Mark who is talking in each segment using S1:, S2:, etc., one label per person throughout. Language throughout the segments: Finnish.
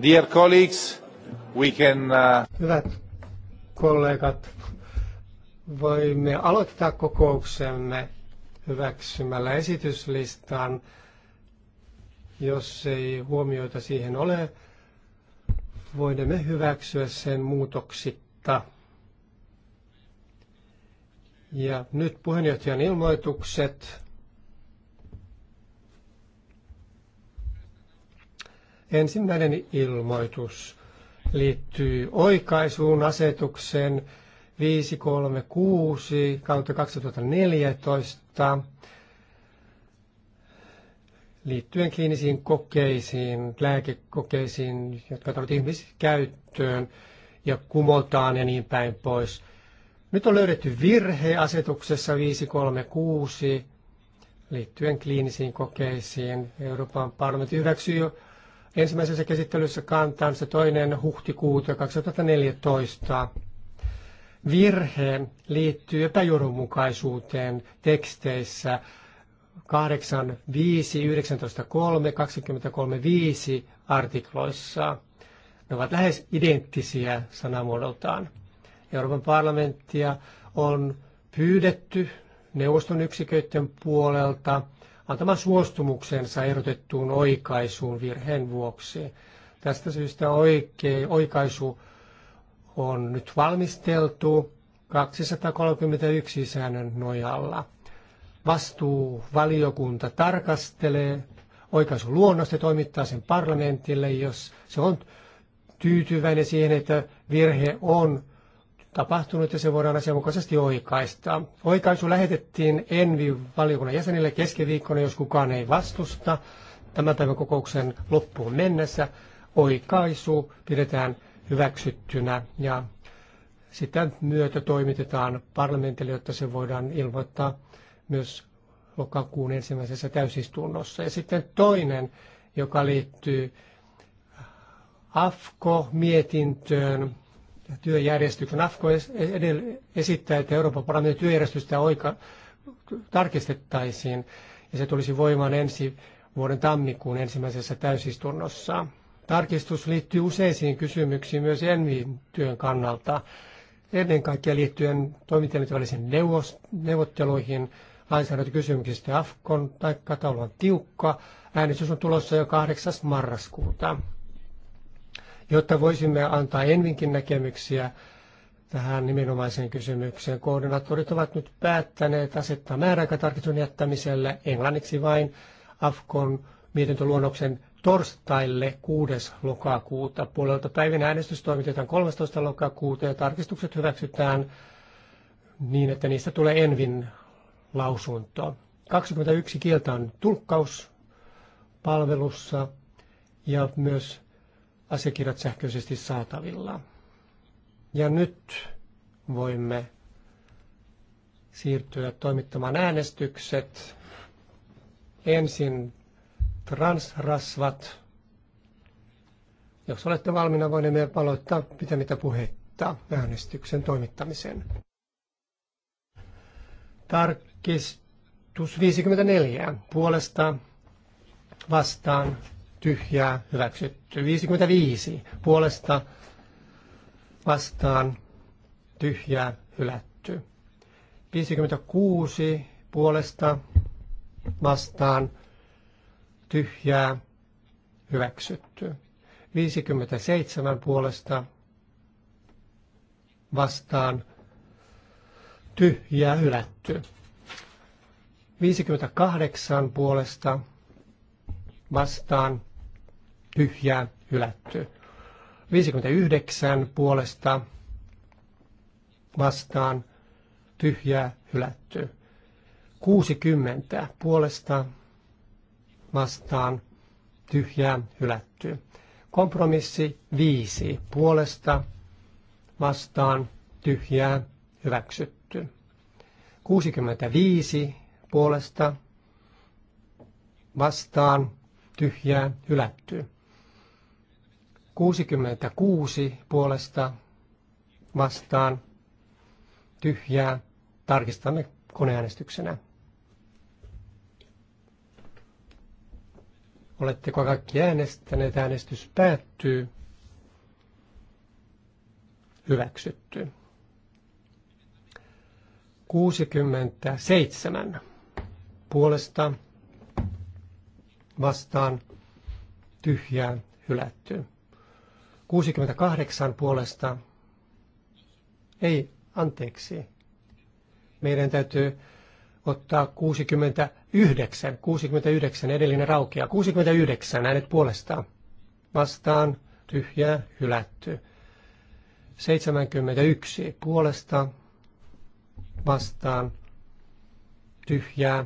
S1: Dear colleagues, we can... Uh,
S2: Hyvät kollegat, voimme aloittaa kokouksemme hyväksymällä esityslistan. Jos ei huomioita siihen ole, voimme hyväksyä sen muutoksitta. Ja nyt puheenjohtajan ilmoitukset. Ensimmäinen ilmoitus liittyy oikaisuun asetukseen 536 kautta 2014 liittyen kliinisiin kokeisiin, lääkekokeisiin, jotka tulevat ihmiskäyttöön ja kumotaan ja niin päin pois. Nyt on löydetty virhe asetuksessa 536 liittyen kliinisiin kokeisiin. Euroopan parlamentti hyväksyi jo ensimmäisessä käsittelyssä se toinen huhtikuuta 2014. Virhe liittyy epäjohdonmukaisuuteen teksteissä 85 19, 3, 23, 5 artikloissa. Ne ovat lähes identtisiä sanamuodoltaan. Euroopan parlamenttia on pyydetty neuvoston yksiköiden puolelta – antamaan suostumuksensa erotettuun oikaisuun virheen vuoksi. Tästä syystä oikein, oikaisu on nyt valmisteltu 231 säännön nojalla. Vastuuvaliokunta tarkastelee oikaisuluonnosta ja toimittaa sen parlamentille, jos se on tyytyväinen siihen, että virhe on tapahtunut ja se voidaan asianmukaisesti oikaista. Oikaisu lähetettiin Envi-valiokunnan jäsenille keskiviikkona, jos kukaan ei vastusta tämän päivän kokouksen loppuun mennessä. Oikaisu pidetään hyväksyttynä ja sitä myötä toimitetaan parlamentille, jotta se voidaan ilmoittaa myös lokakuun ensimmäisessä täysistunnossa. Ja sitten toinen, joka liittyy AFKO-mietintöön työjärjestyksen. AFKO esittää, että Euroopan parlamentin työjärjestystä oika tarkistettaisiin ja se tulisi voimaan ensi vuoden tammikuun ensimmäisessä täysistunnossa. Tarkistus liittyy useisiin kysymyksiin myös Envin työn kannalta, ennen kaikkea liittyen toimintojen välisiin neuvotteluihin, lainsäädäntökysymyksistä. Afkon tai kataulu on tiukka. Äänestys on tulossa jo 8. marraskuuta jotta voisimme antaa Envinkin näkemyksiä tähän nimenomaiseen kysymykseen. Koordinaattorit ovat nyt päättäneet asettaa määräaikatarkistuksen jättämiselle englanniksi vain Afkon mietintöluonnoksen torstaille 6. lokakuuta. Puolelta päivän äänestys toimitetaan 13. lokakuuta ja tarkistukset hyväksytään niin, että niistä tulee Envin lausunto. 21 kieltä on tulkkauspalvelussa ja myös asiakirjat sähköisesti saatavilla. Ja nyt voimme siirtyä toimittamaan äänestykset. Ensin transrasvat. Jos olette valmiina, voimme paloittaa pitämättä puhetta äänestyksen toimittamisen. Tarkistus 54. Puolesta vastaan tyhjää hyväksytty. 55 puolesta vastaan tyhjää hylätty. 56 puolesta vastaan tyhjää hyväksytty. 57 puolesta vastaan tyhjää hylätty. 58 puolesta vastaan tyhjää hylätty. 59 puolesta vastaan tyhjää hylätty. 60 puolesta vastaan tyhjää hylätty. Kompromissi 5 puolesta vastaan tyhjää hyväksytty. 65 puolesta vastaan tyhjää hylättyä. 66 puolesta vastaan tyhjää. Tarkistamme koneäänestyksenä. Oletteko kaikki äänestäneet? Äänestys päättyy. Hyväksytty. 67 puolesta vastaan tyhjää hylättyä. 68 puolesta. Ei, anteeksi. Meidän täytyy ottaa 69, 69 edellinen raukea. 69 äänet puolestaan. Vastaan tyhjää hylätty. 71 puolesta vastaan tyhjää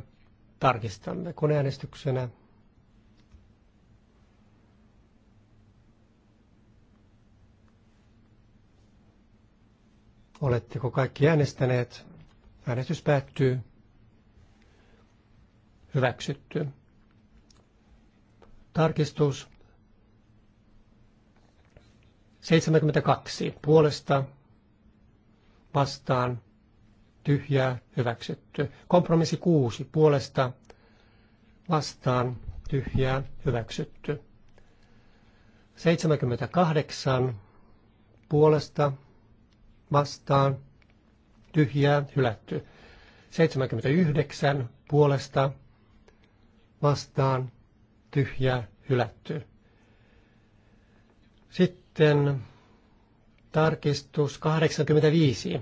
S2: tarkistamme koneäänestyksenä. Oletteko kaikki äänestäneet? Äänestys päättyy. Hyväksytty. Tarkistus 72. Puolesta vastaan tyhjää hyväksytty. Kompromissi 6. Puolesta vastaan tyhjää hyväksytty. 78. Puolesta vastaan tyhjää hylätty. 79 puolesta vastaan tyhjää hylätty. Sitten tarkistus 85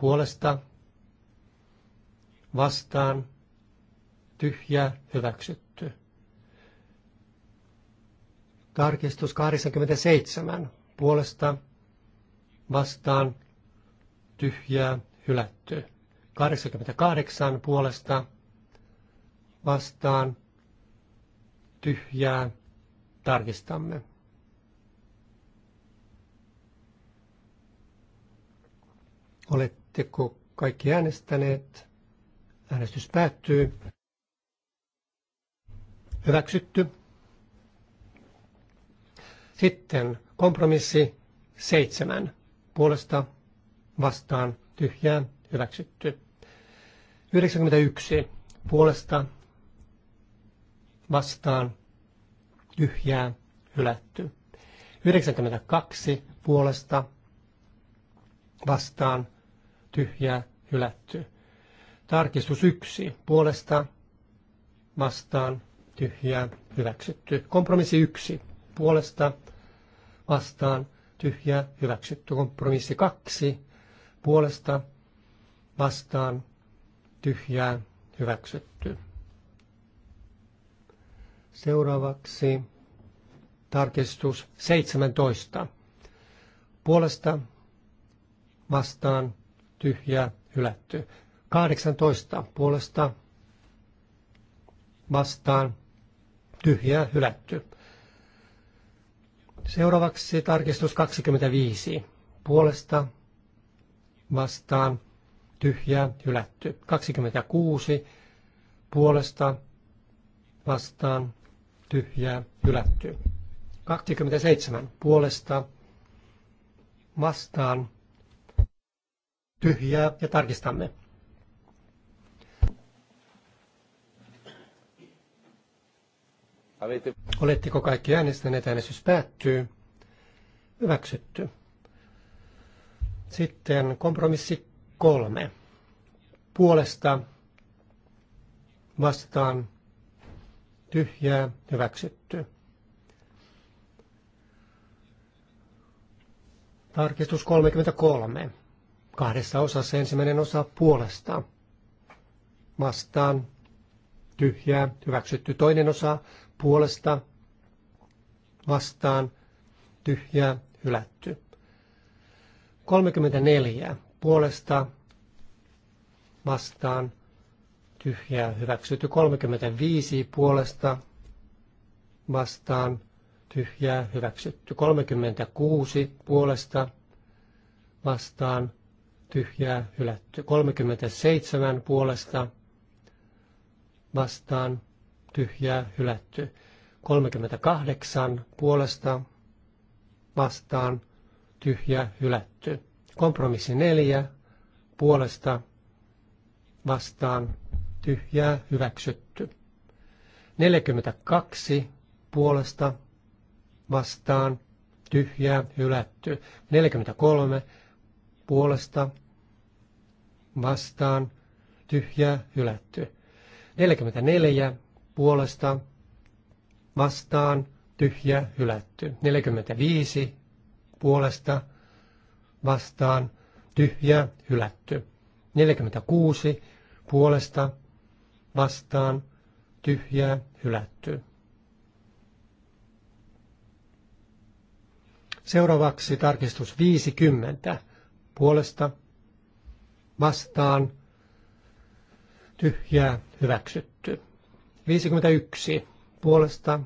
S2: puolesta vastaan tyhjä hyväksytty. Tarkistus 87 puolesta vastaan tyhjää hylätty. 88 puolesta vastaan tyhjää tarkistamme. Oletteko kaikki äänestäneet? Äänestys päättyy. Hyväksytty. Sitten kompromissi seitsemän puolesta vastaan tyhjään hyväksytty. 91 puolesta vastaan tyhjään hylätty. 92 puolesta vastaan tyhjää hylätty. Tarkistus 1 puolesta vastaan tyhjää hyväksytty. Kompromissi 1 puolesta vastaan tyhjä hyväksytty. Kompromissi kaksi puolesta vastaan tyhjää hyväksytty. Seuraavaksi tarkistus 17. Puolesta vastaan tyhjää hylätty. 18. Puolesta vastaan tyhjää hylätty. Seuraavaksi tarkistus 25. Puolesta vastaan tyhjä hylätty. 26. Puolesta vastaan tyhjä hylätty. 27. Puolesta vastaan tyhjää ja tarkistamme. Oletteko kaikki äänestäneet? Äänestys päättyy. Hyväksytty. Sitten kompromissi kolme. Puolesta vastaan tyhjää hyväksytty. Tarkistus 33. Kahdessa osassa ensimmäinen osa puolesta. Vastaan tyhjää hyväksytty. Toinen osa puolesta vastaan tyhjää hylätty. 34 puolesta vastaan tyhjää hyväksytty. 35 puolesta vastaan tyhjää hyväksytty. 36 puolesta vastaan tyhjää hylätty. 37 puolesta vastaan tyhjää hylätty. 38 puolesta vastaan tyhjää hylätty. Kompromissi 4 puolesta vastaan tyhjää hyväksytty. 42 puolesta vastaan tyhjää hylätty. 43 puolesta vastaan tyhjää hylätty. 44 puolesta vastaan tyhjä hylätty. 45 puolesta vastaan tyhjä hylätty. 46 puolesta vastaan tyhjä hylätty. Seuraavaksi tarkistus 50 puolesta vastaan tyhjää hyväksytty. 51 puolesta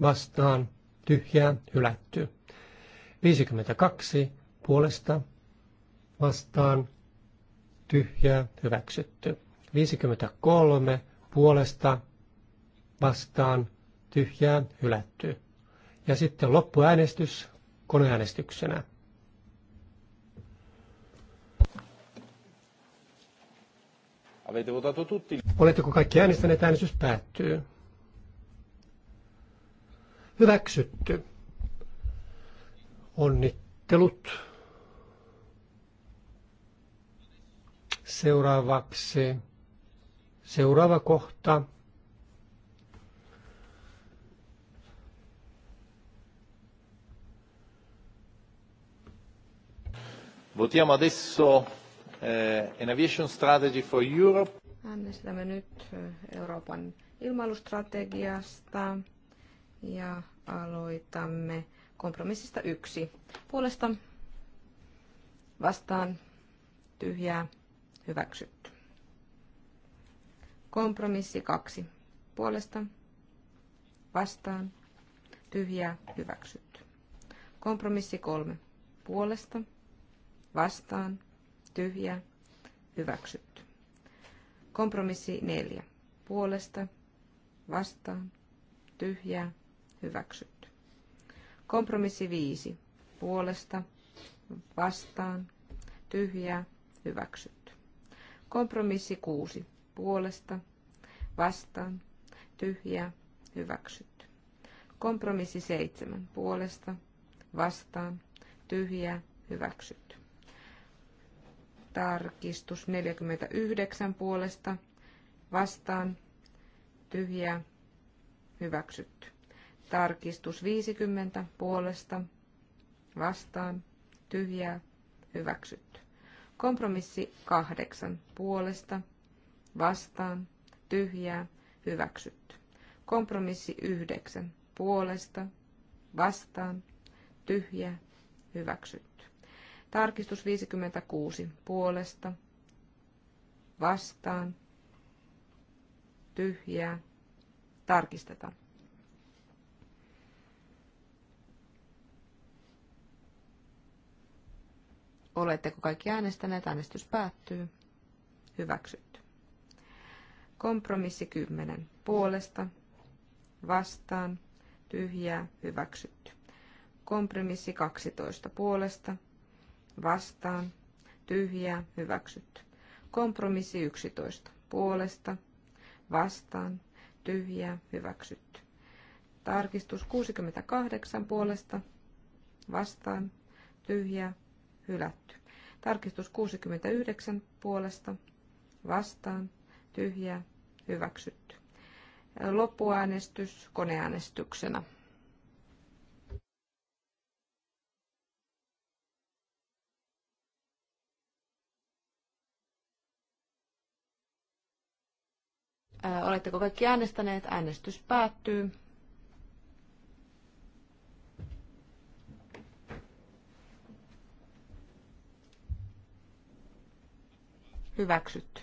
S2: vastaan tyhjää hylätty. 52 puolesta vastaan tyhjää hyväksytty. 53 puolesta vastaan tyhjää hylätty. Ja sitten loppuäänestys koneäänestyksenä.
S1: Avete votato tutti?
S2: Oletteko kaikki äänestäneet? Äänestys päättyy. Hyväksytty. Onnittelut. Seuraavaksi seuraava kohta. Votiamo adesso Eh, an aviation strategy for Europe.
S3: Äänestämme nyt eh, Euroopan ilmailustrategiasta ja aloitamme kompromissista yksi. Puolesta vastaan tyhjää hyväksytty. Kompromissi kaksi. Puolesta vastaan tyhjää hyväksytty. Kompromissi kolme. Puolesta vastaan tyhjä, hyväksytty. Kompromissi neljä Puolesta, vastaan, tyhjä, hyväksytty. Kompromissi viisi Puolesta, vastaan, tyhjä, hyväksytty. Kompromissi kuusi Puolesta, vastaan, tyhjä, hyväksytty. Kompromissi seitsemän Puolesta, vastaan, tyhjä, hyväksytty. Tarkistus 49 puolesta vastaan tyhjä hyväksytty. Tarkistus 50 puolesta vastaan tyhjä hyväksytty. Kompromissi 8 puolesta vastaan tyhjä hyväksytty. Kompromissi 9 puolesta vastaan tyhjä hyväksytty. Tarkistus 56 puolesta. Vastaan. Tyhjää. Tarkistetaan. Oletteko kaikki äänestäneet? Äänestys päättyy. Hyväksytty. Kompromissi 10. Puolesta. Vastaan. Tyhjää. Hyväksytty. Kompromissi 12. Puolesta vastaan, tyhjää, hyväksytty. Kompromissi 11, puolesta, vastaan, tyhjää, hyväksytty. Tarkistus 68 puolesta, vastaan, tyhjää, hylätty. Tarkistus 69 puolesta, vastaan, tyhjää, hyväksytty. Loppuäänestys koneäänestyksenä. Oletteko kaikki äänestäneet? Äänestys päättyy.
S4: Hyväksytty.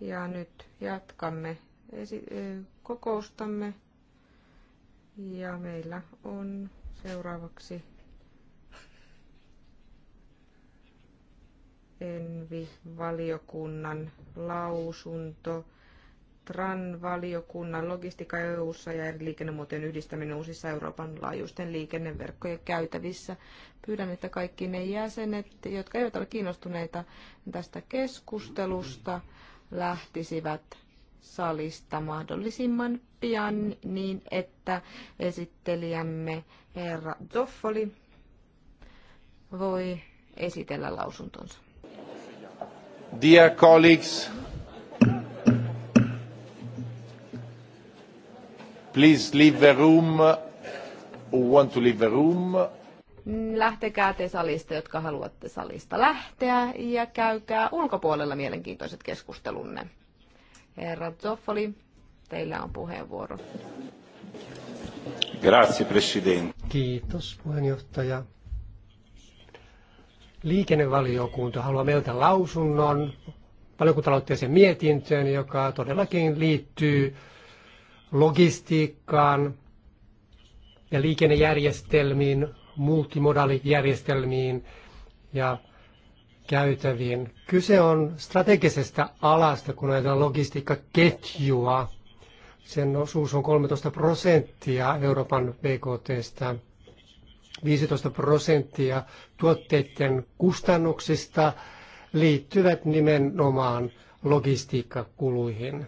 S3: Ja nyt jatkamme kokoustamme. Ja meillä on seuraavaksi Envi-valiokunnan lausunto, TRAN-valiokunnan logistiikka eu ja eri liikennemuotojen yhdistäminen uusissa Euroopan laajuisten liikenneverkkojen käytävissä. Pyydän, että kaikki ne jäsenet, jotka eivät ole kiinnostuneita tästä keskustelusta, lähtisivät salista mahdollisimman pian niin, että esittelijämme herra Zoffoli voi esitellä lausuntonsa.
S1: Dear colleagues, please leave the room who want to leave the room.
S3: Lähtekää te salista, jotka haluatte salista lähteä, ja käykää ulkopuolella mielenkiintoiset keskustelunne. Herra Zoffoli, teillä on puheenvuoro.
S2: Grazie, Presidente. Kiitos, puheenjohtaja liikennevaliokunta haluaa meiltä lausunnon valiokuntalautteeseen mietintöön, joka todellakin liittyy logistiikkaan ja liikennejärjestelmiin, multimodaalijärjestelmiin ja käytäviin. Kyse on strategisesta alasta, kun ajatellaan logistiikkaketjua. Sen osuus on 13 prosenttia Euroopan BKTstä. 15 prosenttia tuotteiden kustannuksista liittyvät nimenomaan logistiikkakuluihin.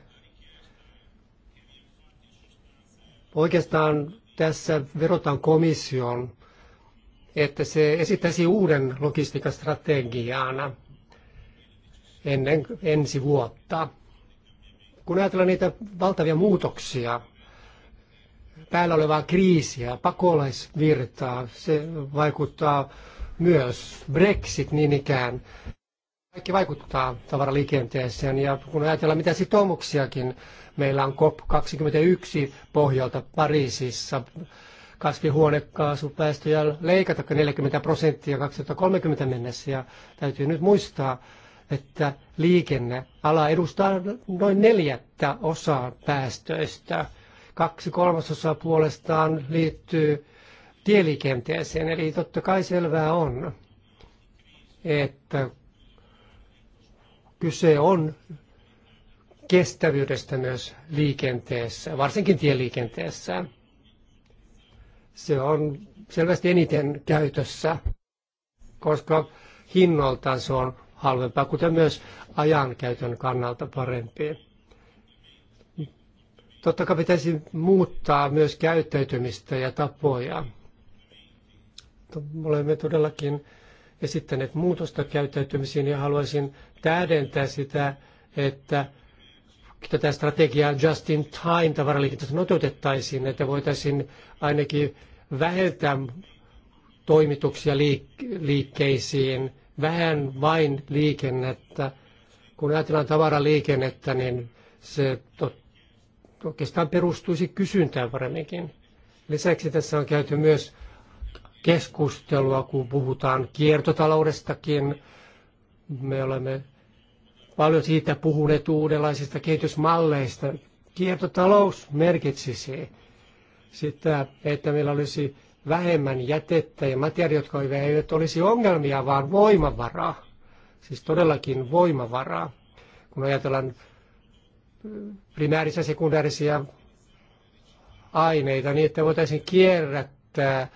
S2: Oikeastaan tässä verotan komission, että se esittäisi uuden logistiikkastrategian ennen ensi vuotta. Kun ajatellaan niitä valtavia muutoksia, päällä olevaa kriisiä, pakolaisvirtaa. Se vaikuttaa myös Brexit niin ikään. Kaikki vaikuttaa tavaraliikenteeseen ja kun ajatellaan mitä sitoumuksiakin meillä on COP21 pohjalta Pariisissa, kasvihuonekaasupäästöjä leikata 40 prosenttia 2030 mennessä ja täytyy nyt muistaa, että liikenneala edustaa noin neljättä osaa päästöistä – kaksi kolmasosaa puolestaan liittyy tieliikenteeseen. Eli totta kai selvää on, että kyse on kestävyydestä myös liikenteessä, varsinkin tieliikenteessä. Se on selvästi eniten käytössä, koska hinnoltaan se on halvempaa, kuten myös ajankäytön kannalta parempi. Totta kai pitäisi muuttaa myös käyttäytymistä ja tapoja. Olemme todellakin esittäneet muutosta käyttäytymisiin ja haluaisin täydentää sitä, että tätä strategiaa just in time tavaraliikenteessä noteutettaisiin, että voitaisiin ainakin vähentää toimituksia liikkeisiin, vähän vain liikennettä. Kun ajatellaan tavaraliikennettä, niin se tot, oikeastaan perustuisi kysyntään paremminkin. Lisäksi tässä on käyty myös keskustelua, kun puhutaan kiertotaloudestakin. Me olemme paljon siitä puhuneet uudenlaisista kehitysmalleista. Kiertotalous merkitsisi sitä, että meillä olisi vähemmän jätettä ja materiaalia, jotka eivät olisi ongelmia, vaan voimavaraa. Siis todellakin voimavaraa. Kun ajatellaan primäärisiä sekundäärisiä aineita niin, että voitaisiin kierrättää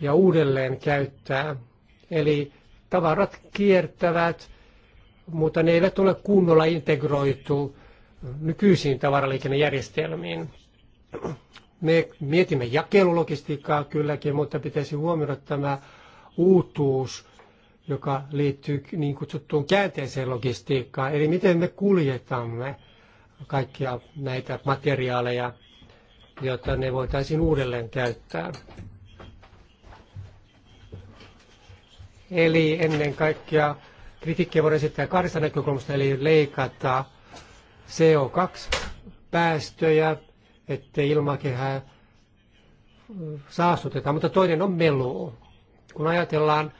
S2: ja uudelleen käyttää. Eli tavarat kiertävät, mutta ne eivät ole kunnolla integroitu nykyisiin tavaraliikennejärjestelmiin. Me mietimme jakelulogistiikkaa kylläkin, mutta pitäisi huomioida tämä uutuus, joka liittyy niin kutsuttuun käänteiseen logistiikkaan, eli miten me kuljetamme – kaikkia näitä materiaaleja, jotta ne voitaisiin uudelleen käyttää. Eli ennen kaikkea kritiikkiä voidaan esittää kahdesta näkökulmasta, eli leikata CO2-päästöjä, ettei ilmakehää saastuteta. Mutta toinen on melu. Kun ajatellaan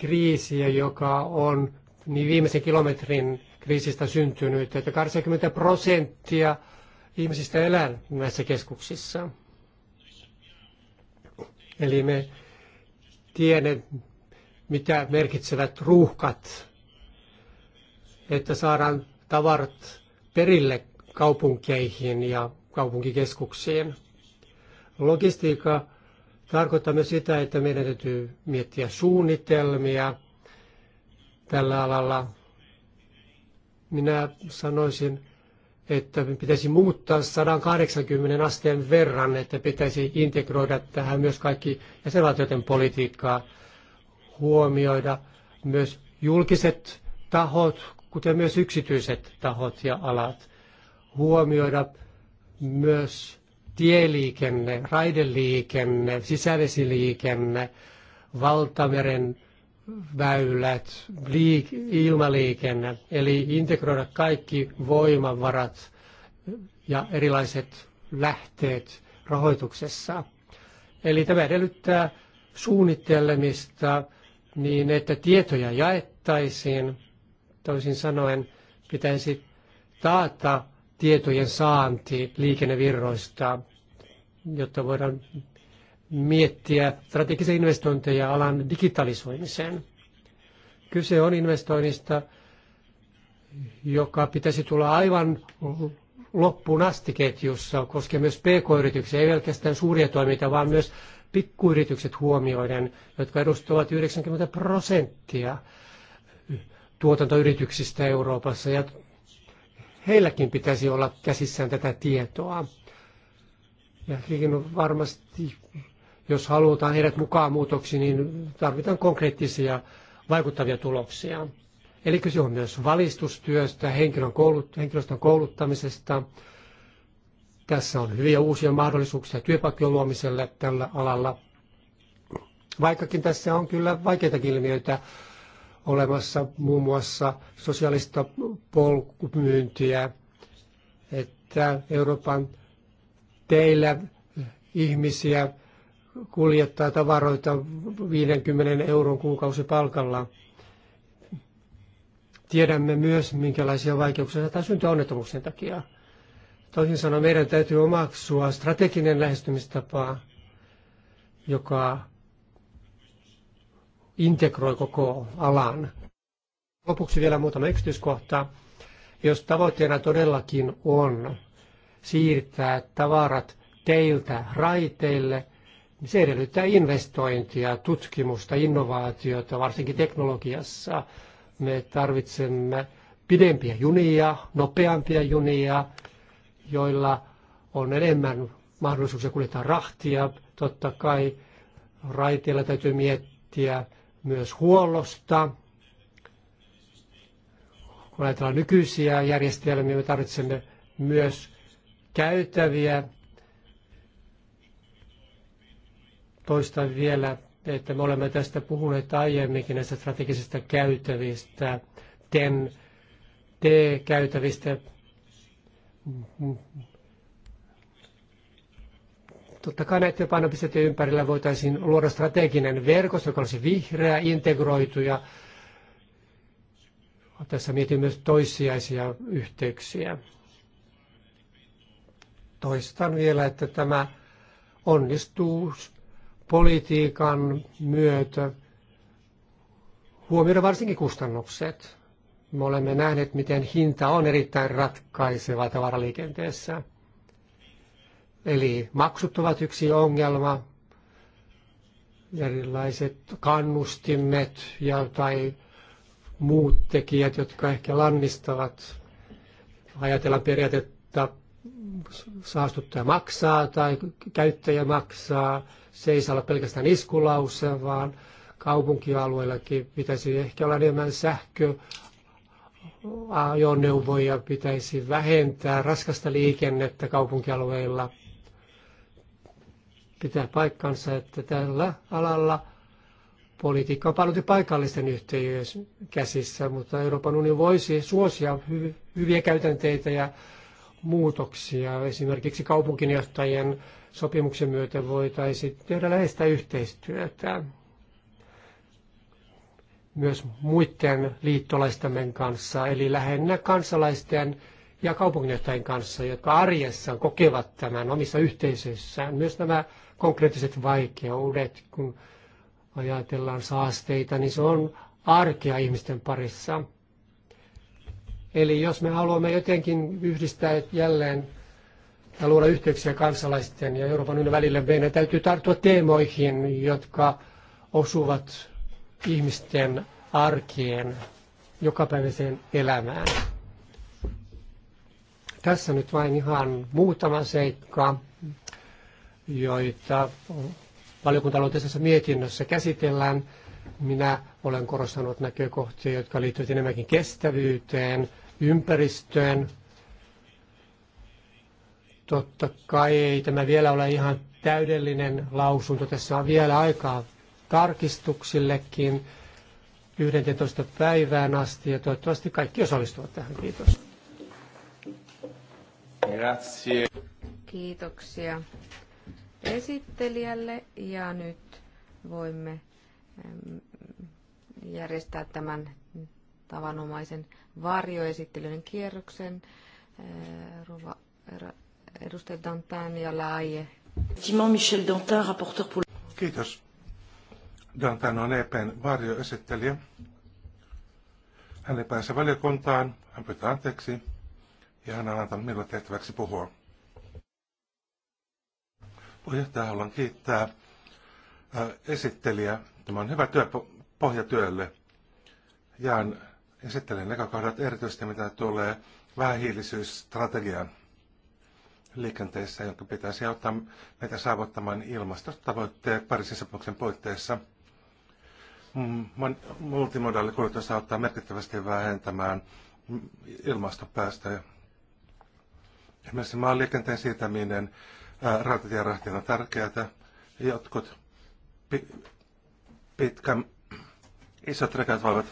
S2: kriisiä, joka on niin viimeisen kilometrin kriisistä syntynyt, että 80 prosenttia ihmisistä elää näissä keskuksissa. Eli me tiedämme, mitä merkitsevät ruuhkat, että saadaan tavarat perille kaupunkeihin ja kaupunkikeskuksiin. Logistiikka tarkoittaa myös sitä, että meidän täytyy miettiä suunnitelmia tällä alalla. Minä sanoisin, että pitäisi muuttaa 180 asteen verran, että pitäisi integroida tähän myös kaikki jäsenvaltioiden politiikkaa, huomioida myös julkiset tahot, kuten myös yksityiset tahot ja alat, huomioida myös tieliikenne, raideliikenne, sisävesiliikenne, valtameren väylät, liik- ilmaliikenne, eli integroida kaikki voimavarat ja erilaiset lähteet rahoituksessa. Eli tämä edellyttää suunnittelemista niin, että tietoja jaettaisiin. Toisin sanoen pitäisi taata tietojen saanti liikennevirroista, jotta voidaan miettiä strategisia investointeja alan digitalisoimiseen. Kyse on investoinnista, joka pitäisi tulla aivan loppuun asti ketjussa, koskee myös pk-yrityksiä, ei pelkästään suuria toimijoita, vaan myös pikkuyritykset huomioiden, jotka edustavat 90 prosenttia tuotantoyrityksistä Euroopassa, ja heilläkin pitäisi olla käsissään tätä tietoa. Ja varmasti jos halutaan heidät mukaan muutoksi, niin tarvitaan konkreettisia vaikuttavia tuloksia. Eli kyse on myös valistustyöstä, henkilön koulut, henkilöstön kouluttamisesta. Tässä on hyviä uusia mahdollisuuksia työpaikkojen luomiselle tällä alalla. Vaikkakin tässä on kyllä vaikeita ilmiöitä olemassa, muun muassa sosiaalista polkumyyntiä, että Euroopan teillä ihmisiä kuljettaa tavaroita 50 euron kuukausipalkalla. Tiedämme myös, minkälaisia vaikeuksia saattaa syntyä onnettomuuksien takia. Toisin sanoen meidän täytyy omaksua strateginen lähestymistapa, joka integroi koko alan. Lopuksi vielä muutama yksityiskohta. Jos tavoitteena todellakin on siirtää tavarat teiltä raiteille – se edellyttää investointia, tutkimusta, innovaatiota, varsinkin teknologiassa. Me tarvitsemme pidempiä junia, nopeampia junia, joilla on enemmän mahdollisuuksia kuljettaa rahtia. Totta kai raiteilla täytyy miettiä myös huollosta. Kun ajatellaan nykyisiä järjestelmiä, me tarvitsemme myös käytäviä, Toistan vielä, että me olemme tästä puhuneet aiemminkin näistä strategisista käytävistä, TEN, T-käytävistä, totta kai näiden painopisteiden ympärillä voitaisiin luoda strateginen verkosto, joka olisi vihreä, integroitu ja tässä mietin myös toissijaisia yhteyksiä. Toistan vielä, että tämä onnistuu politiikan myötä huomioida varsinkin kustannukset. Me olemme nähneet, miten hinta on erittäin ratkaiseva tavaraliikenteessä. Eli maksut ovat yksi ongelma, erilaiset kannustimet ja, tai muut tekijät, jotka ehkä lannistavat. Ajatellaan periaatetta saastuttaja maksaa tai käyttäjä maksaa. Se ei saa olla pelkästään iskulause, vaan kaupunkialueillakin pitäisi ehkä olla enemmän sähkö, ajoneuvoja pitäisi vähentää, raskasta liikennettä kaupunkialueilla. Pitää paikkansa, että tällä alalla politiikka on paljon paikallisten yhteisöjen käsissä, mutta Euroopan unioni voisi suosia hyviä käytänteitä ja muutoksia. Esimerkiksi kaupunkinjohtajien sopimuksen myötä voitaisiin tehdä läheistä yhteistyötä myös muiden liittolaistamme kanssa, eli lähinnä kansalaisten ja kaupunginjohtajien kanssa, jotka arjessaan kokevat tämän omissa yhteisöissään. Myös nämä konkreettiset vaikeudet, kun ajatellaan saasteita, niin se on arkea ihmisten parissa. Eli jos me haluamme jotenkin yhdistää jälleen ja luoda yhteyksiä kansalaisten ja Euroopan unionin välille, meidän täytyy tarttua teemoihin, jotka osuvat ihmisten arkeen, jokapäiväiseen elämään. Tässä nyt vain ihan muutama seikka, joita valiokunta mietinnössä käsitellään. Minä olen korostanut näkökohtia, jotka liittyvät enemmänkin kestävyyteen, ympäristöön. Totta kai ei tämä vielä ole ihan täydellinen lausunto. Tässä on vielä aikaa tarkistuksillekin 11. päivään asti ja toivottavasti kaikki osallistuvat tähän. Kiitos.
S1: Grazie. Kiitoksia
S3: esittelijälle ja nyt voimme järjestää tämän tavanomaisen varjoesittelyn kierroksen. Edustaja Dantin ja Laaje.
S1: Michel Dantin, rapporteur pour... Kiitos. Dantin on EPn varjoesittelijä. Hän ei pääse valiokuntaan, hän pyytää anteeksi ja hän on antanut minulle tehtäväksi puhua. Puheenjohtaja haluan kiittää esittelijä. Tämä on hyvä työ, pohja työlle. Jaan esittelen näkökohdat erityisesti, mitä tulee vähähiilisyysstrategiaan liikenteessä, jonka pitäisi auttaa meitä saavuttamaan ilmastotavoitteet Pariisin sopimuksen puitteissa. Mm, Multimodaalikulutus auttaa merkittävästi vähentämään ilmastopäästöjä. Esimerkiksi maanliikenteen siirtäminen rautatierahtiin on tärkeää. Jotkut pitkä, isot rekat voivat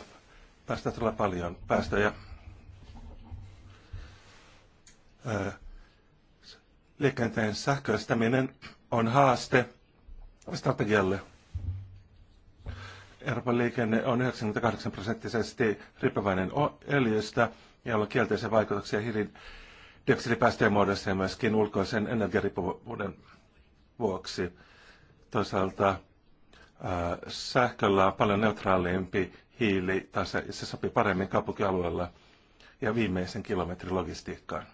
S1: päästä tulla paljon päästöjä. Liikenteen sähköistäminen on haaste strategialle. Euroopan liikenne on 98 prosenttisesti riippuvainen öljystä, jolla on kielteisiä vaikutuksia hiilidioksidipäästöjen muodossa ja myöskin ulkoisen energiariippuvuuden vuoksi. Toisaalta Äh, sähköllä on paljon neutraalimpi hiili, ja se sopii paremmin kaupunkialueella ja viimeisen kilometrin logistiikkaan.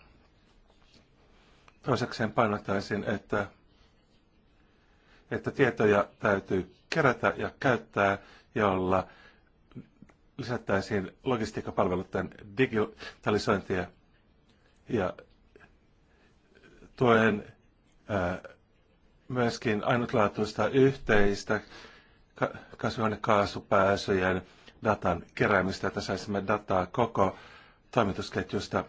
S1: Toisekseen painottaisin, että, että tietoja täytyy kerätä ja käyttää, jolla lisättäisiin logistiikkapalveluiden digitalisointia ja tuen ää, äh, myöskin ainutlaatuista yhteistä Kasvihuonekaasupääsyjen datan keräämistä, että saisimme dataa koko toimitusketjusta.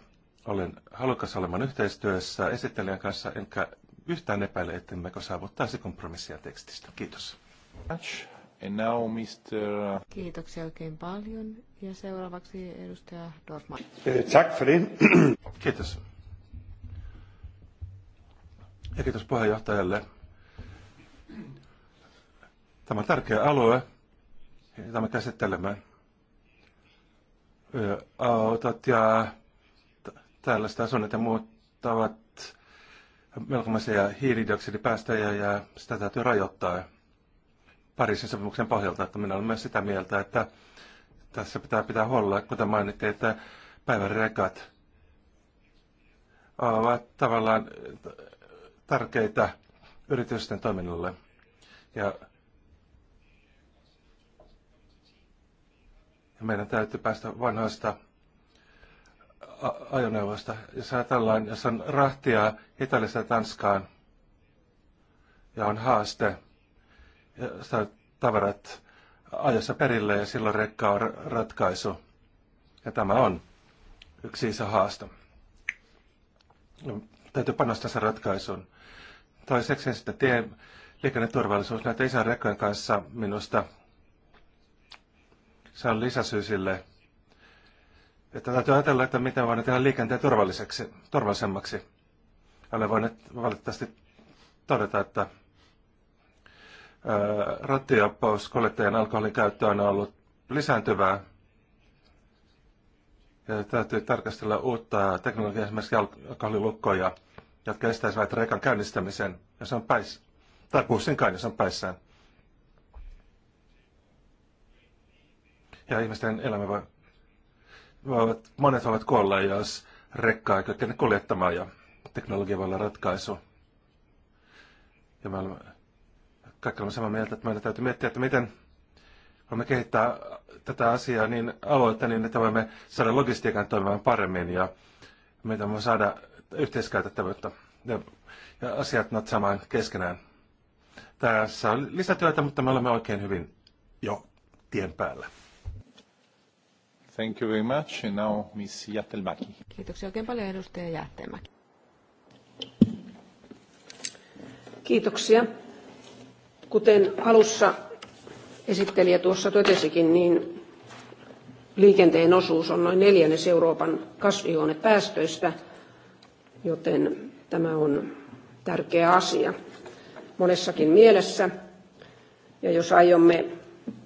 S1: Olen halukas olemaan yhteistyössä esittelijän kanssa, enkä yhtään epäile, ettemmekö saavuttaisi kompromissia tekstistä. Kiitos. And now Mr.
S3: Kiitoksia oikein paljon. Ja seuraavaksi edustaja Dorfman.
S1: Tack Kiitos. Ja kiitos puheenjohtajalle Tämä on tärkeä alue, jota me käsittelemme. Autot ja tällaiset asunnot ja muuttavat melkoisia hiilidioksidipäästöjä ja sitä täytyy rajoittaa Pariisin sopimuksen pohjalta, että minä olen myös sitä mieltä, että tässä pitää pitää huolella, kuten mainittiin, että päivärekat ovat tavallaan tärkeitä yritysten toiminnalle. Ja meidän täytyy päästä vanhoista ajoneuvosta. Jos ajatellaan, jos on rahtia Italiasta Tanskaan ja on haaste, ja saa tavarat ajossa perille ja silloin rekka on ratkaisu. Ja tämä on yksi iso haaste. Täytyy panostaa sen ratkaisuun. Toiseksi sitten tie, liikenneturvallisuus näitä isän rekkojen kanssa minusta se on lisäsyy sille, että täytyy ajatella, että miten voidaan tehdä liikenteen turvalliseksi, turvallisemmaksi. Olen voinut valitettavasti todeta, että äh, rattioppaus kuljettajan alkoholin käyttö on ollut lisääntyvää. Ja täytyy tarkastella uutta teknologiaa, esimerkiksi alkoholilukkoja, jotka estäisivät rekan käynnistämisen, jos on päissä, tai kai, jos on päissään. ja ihmisten elämä voi, voivat, monet voivat kuolla, jos rekkaa ei kykene kuljettamaan ja teknologia voi olla ratkaisu. Ja me olemme, kaikki olemme samaa mieltä, että meidän täytyy miettiä, että miten voimme kehittää tätä asiaa niin aloittaa niin, että voimme saada logistiikan toimimaan paremmin ja meidän voimme saada yhteiskäytettävyyttä ja, ja asiat natsamaan keskenään. Tässä on lisätyötä, mutta me olemme oikein hyvin jo tien päällä. Thank you very much. And now
S4: Kiitoksia oikein paljon edustaja Kiitoksia. Kuten alussa esittelijä tuossa totesikin, niin liikenteen osuus on noin neljännes Euroopan kasvihuonepäästöistä, joten tämä on tärkeä asia monessakin mielessä. Ja jos aiomme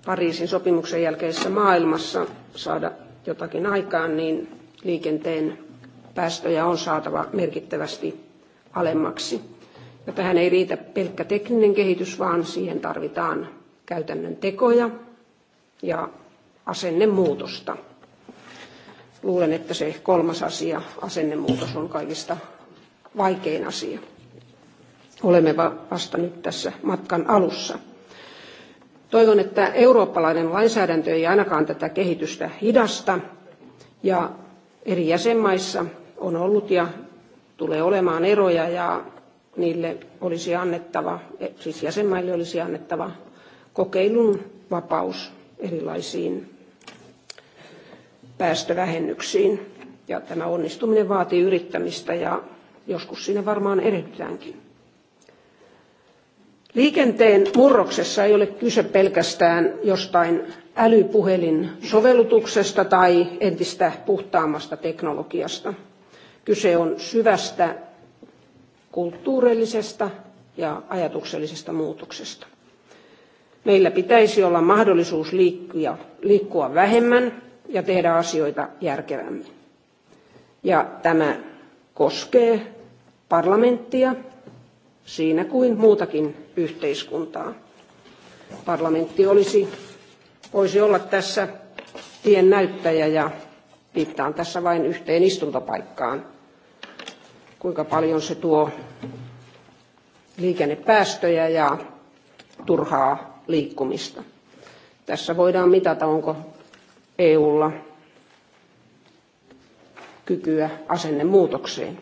S4: Pariisin sopimuksen jälkeisessä maailmassa saada jotakin aikaan, niin liikenteen päästöjä on saatava merkittävästi alemmaksi. Ja tähän ei riitä pelkkä tekninen kehitys, vaan siihen tarvitaan käytännön tekoja ja asennemuutosta. Luulen, että se kolmas asia, asennemuutos, on kaikista vaikein asia. Olemme vasta nyt tässä matkan alussa. Toivon, että eurooppalainen lainsäädäntö ei ainakaan tätä kehitystä hidasta ja eri jäsenmaissa on ollut ja tulee olemaan eroja ja niille olisi annettava, siis jäsenmaille olisi annettava kokeilun vapaus erilaisiin päästövähennyksiin. Ja tämä onnistuminen vaatii yrittämistä ja joskus siinä varmaan erehdytäänkin. Liikenteen murroksessa ei ole kyse pelkästään jostain älypuhelin sovellutuksesta tai entistä puhtaammasta teknologiasta. Kyse on syvästä kulttuurillisesta ja ajatuksellisesta muutoksesta. Meillä pitäisi olla mahdollisuus liikkua, liikkua vähemmän ja tehdä asioita järkevämmin. Ja tämä koskee parlamenttia siinä kuin muutakin yhteiskuntaa. Parlamentti olisi, voisi olla tässä tien näyttäjä ja viittaan tässä vain yhteen istuntopaikkaan. Kuinka paljon se tuo liikennepäästöjä ja turhaa liikkumista. Tässä voidaan mitata, onko EUlla kykyä asennemuutokseen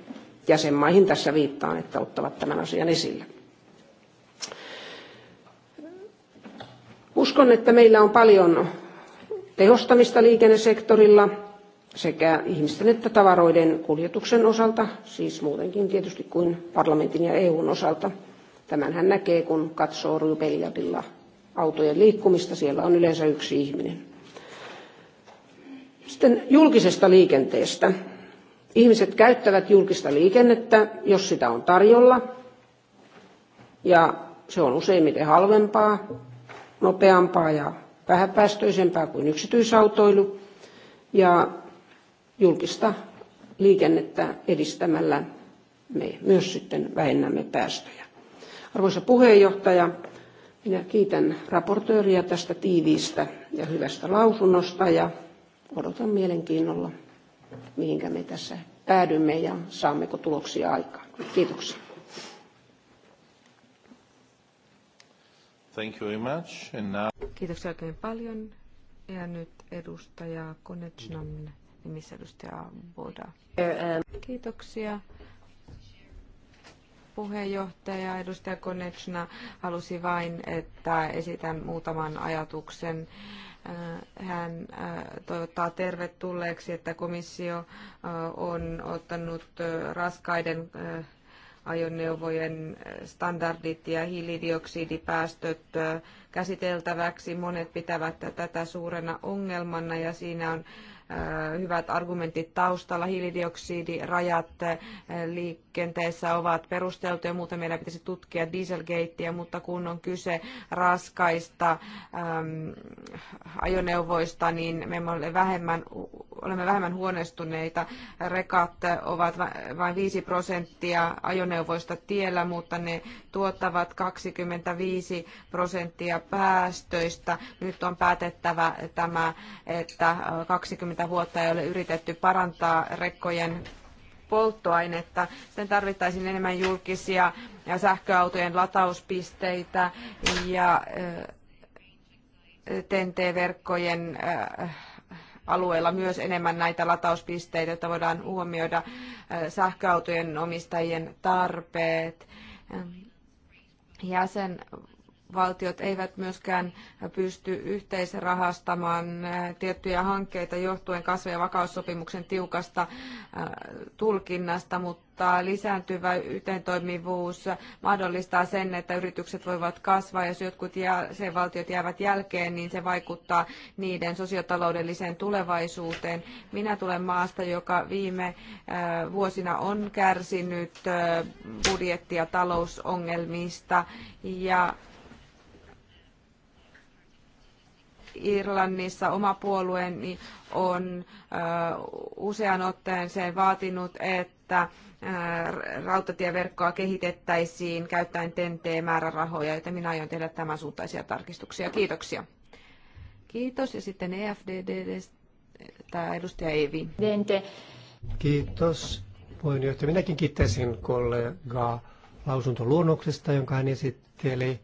S4: jäsenmaihin tässä viittaan, että ottavat tämän asian esille. Uskon, että meillä on paljon tehostamista liikennesektorilla sekä ihmisten että tavaroiden kuljetuksen osalta, siis muutenkin tietysti kuin parlamentin ja EUn osalta. Tämän hän näkee, kun katsoo Rybeljadilla autojen liikkumista. Siellä on yleensä yksi ihminen. Sitten julkisesta liikenteestä. Ihmiset käyttävät julkista liikennettä, jos sitä on tarjolla, ja se on useimmiten halvempaa, nopeampaa ja vähäpäästöisempää kuin yksityisautoilu. Ja julkista liikennettä edistämällä me myös sitten vähennämme päästöjä. Arvoisa puheenjohtaja, minä kiitän raportööriä tästä tiiviistä ja hyvästä lausunnosta ja odotan mielenkiinnolla mihinkä me tässä päädymme ja saammeko tuloksia aikaan. Kiitoksia.
S1: Thank you very much. And now... Kiitoksia oikein
S3: paljon. Ja nyt edustaja Konechnan nimissä edustaja Boda. Kiitoksia puheenjohtaja, edustaja Konechna, halusi vain, että esitän muutaman ajatuksen Äh, hän äh, toivottaa tervetulleeksi, että komissio äh, on ottanut raskaiden ajoneuvojen standardit ja hiilidioksidipäästöt käsiteltäväksi. Monet pitävät tätä suurena ongelmana ja siinä on hyvät argumentit taustalla. Hiilidioksidirajat liikenteessä ovat perusteltuja, muuten meidän pitäisi tutkia dieselgateä, mutta kun on kyse raskaista ajoneuvoista, niin me olemme vähemmän, olemme vähemmän huonestuneita. Rekat ovat vain 5 prosenttia ajoneuvoista tiellä, mutta ne tuottavat 25 prosenttia päästöistä. Nyt on päätettävä tämä, että 20 20 vuotta ei ole yritetty parantaa rekkojen polttoainetta. Sitten tarvittaisiin enemmän julkisia ja sähköautojen latauspisteitä ja TNT-verkkojen alueella myös enemmän näitä latauspisteitä, että voidaan huomioida sähköautojen omistajien tarpeet. Jäsen valtiot eivät myöskään pysty yhteisrahastamaan eh, tiettyjä hankkeita johtuen kasvu- ja vakaussopimuksen tiukasta eh, tulkinnasta, mutta lisääntyvä yhteentoimivuus mahdollistaa sen, että yritykset voivat kasvaa. ja Jos jotkut jäsenvaltiot jäävät jälkeen, niin se vaikuttaa niiden sosiotaloudelliseen tulevaisuuteen. Minä tulen maasta, joka viime eh, vuosina on kärsinyt budjetti- ja talousongelmista ja Irlannissa oma puolueeni on usean otteeseen vaatinut, että rautatieverkkoa kehitettäisiin käyttäen TNT-määrärahoja, joten minä aion tehdä tämän suuntaisia tarkistuksia. Kiitoksia. Kiitos. Ja sitten EFDD, tämä edustaja Evi.
S2: Kiitos puheenjohtaja. Minäkin kiittäisin kollegaa lausuntoluonnoksesta, jonka hän esitteli.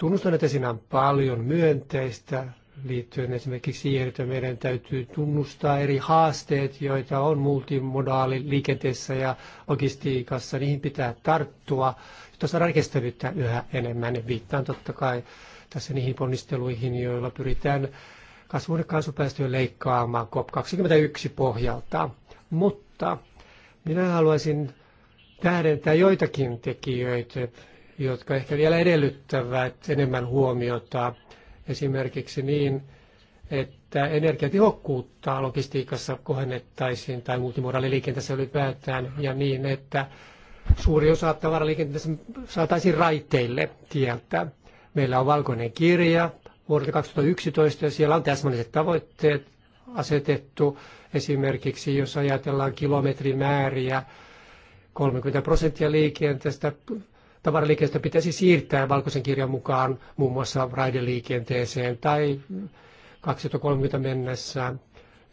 S2: Tunnustan, että siinä on paljon myönteistä liittyen esimerkiksi siihen, että meidän täytyy tunnustaa eri haasteet, joita on multimodaali liikenteessä ja logistiikassa. Niihin pitää tarttua, jotta saadaan kestävyyttä yhä enemmän. Viittaan totta kai tässä niihin ponnisteluihin, joilla pyritään kasvuhuonekaasupäästöjä leikkaamaan COP21 pohjalta. Mutta minä haluaisin tähdentää joitakin tekijöitä, jotka ehkä vielä edellyttävät enemmän huomiota. Esimerkiksi niin, että energiatehokkuutta logistiikassa kohennettaisiin tai multimodaaliliikenteessä ylipäätään ja niin, että suuri osa tavaraliikenteessä saataisiin raiteille tieltä. Meillä on valkoinen kirja vuodelta 2011 ja siellä on täsmälliset tavoitteet asetettu. Esimerkiksi jos ajatellaan kilometrimääriä, 30 prosenttia liikenteestä tavaraliikkeestä pitäisi siirtää valkoisen kirjan mukaan muun muassa raideliikenteeseen tai 2030 mennessä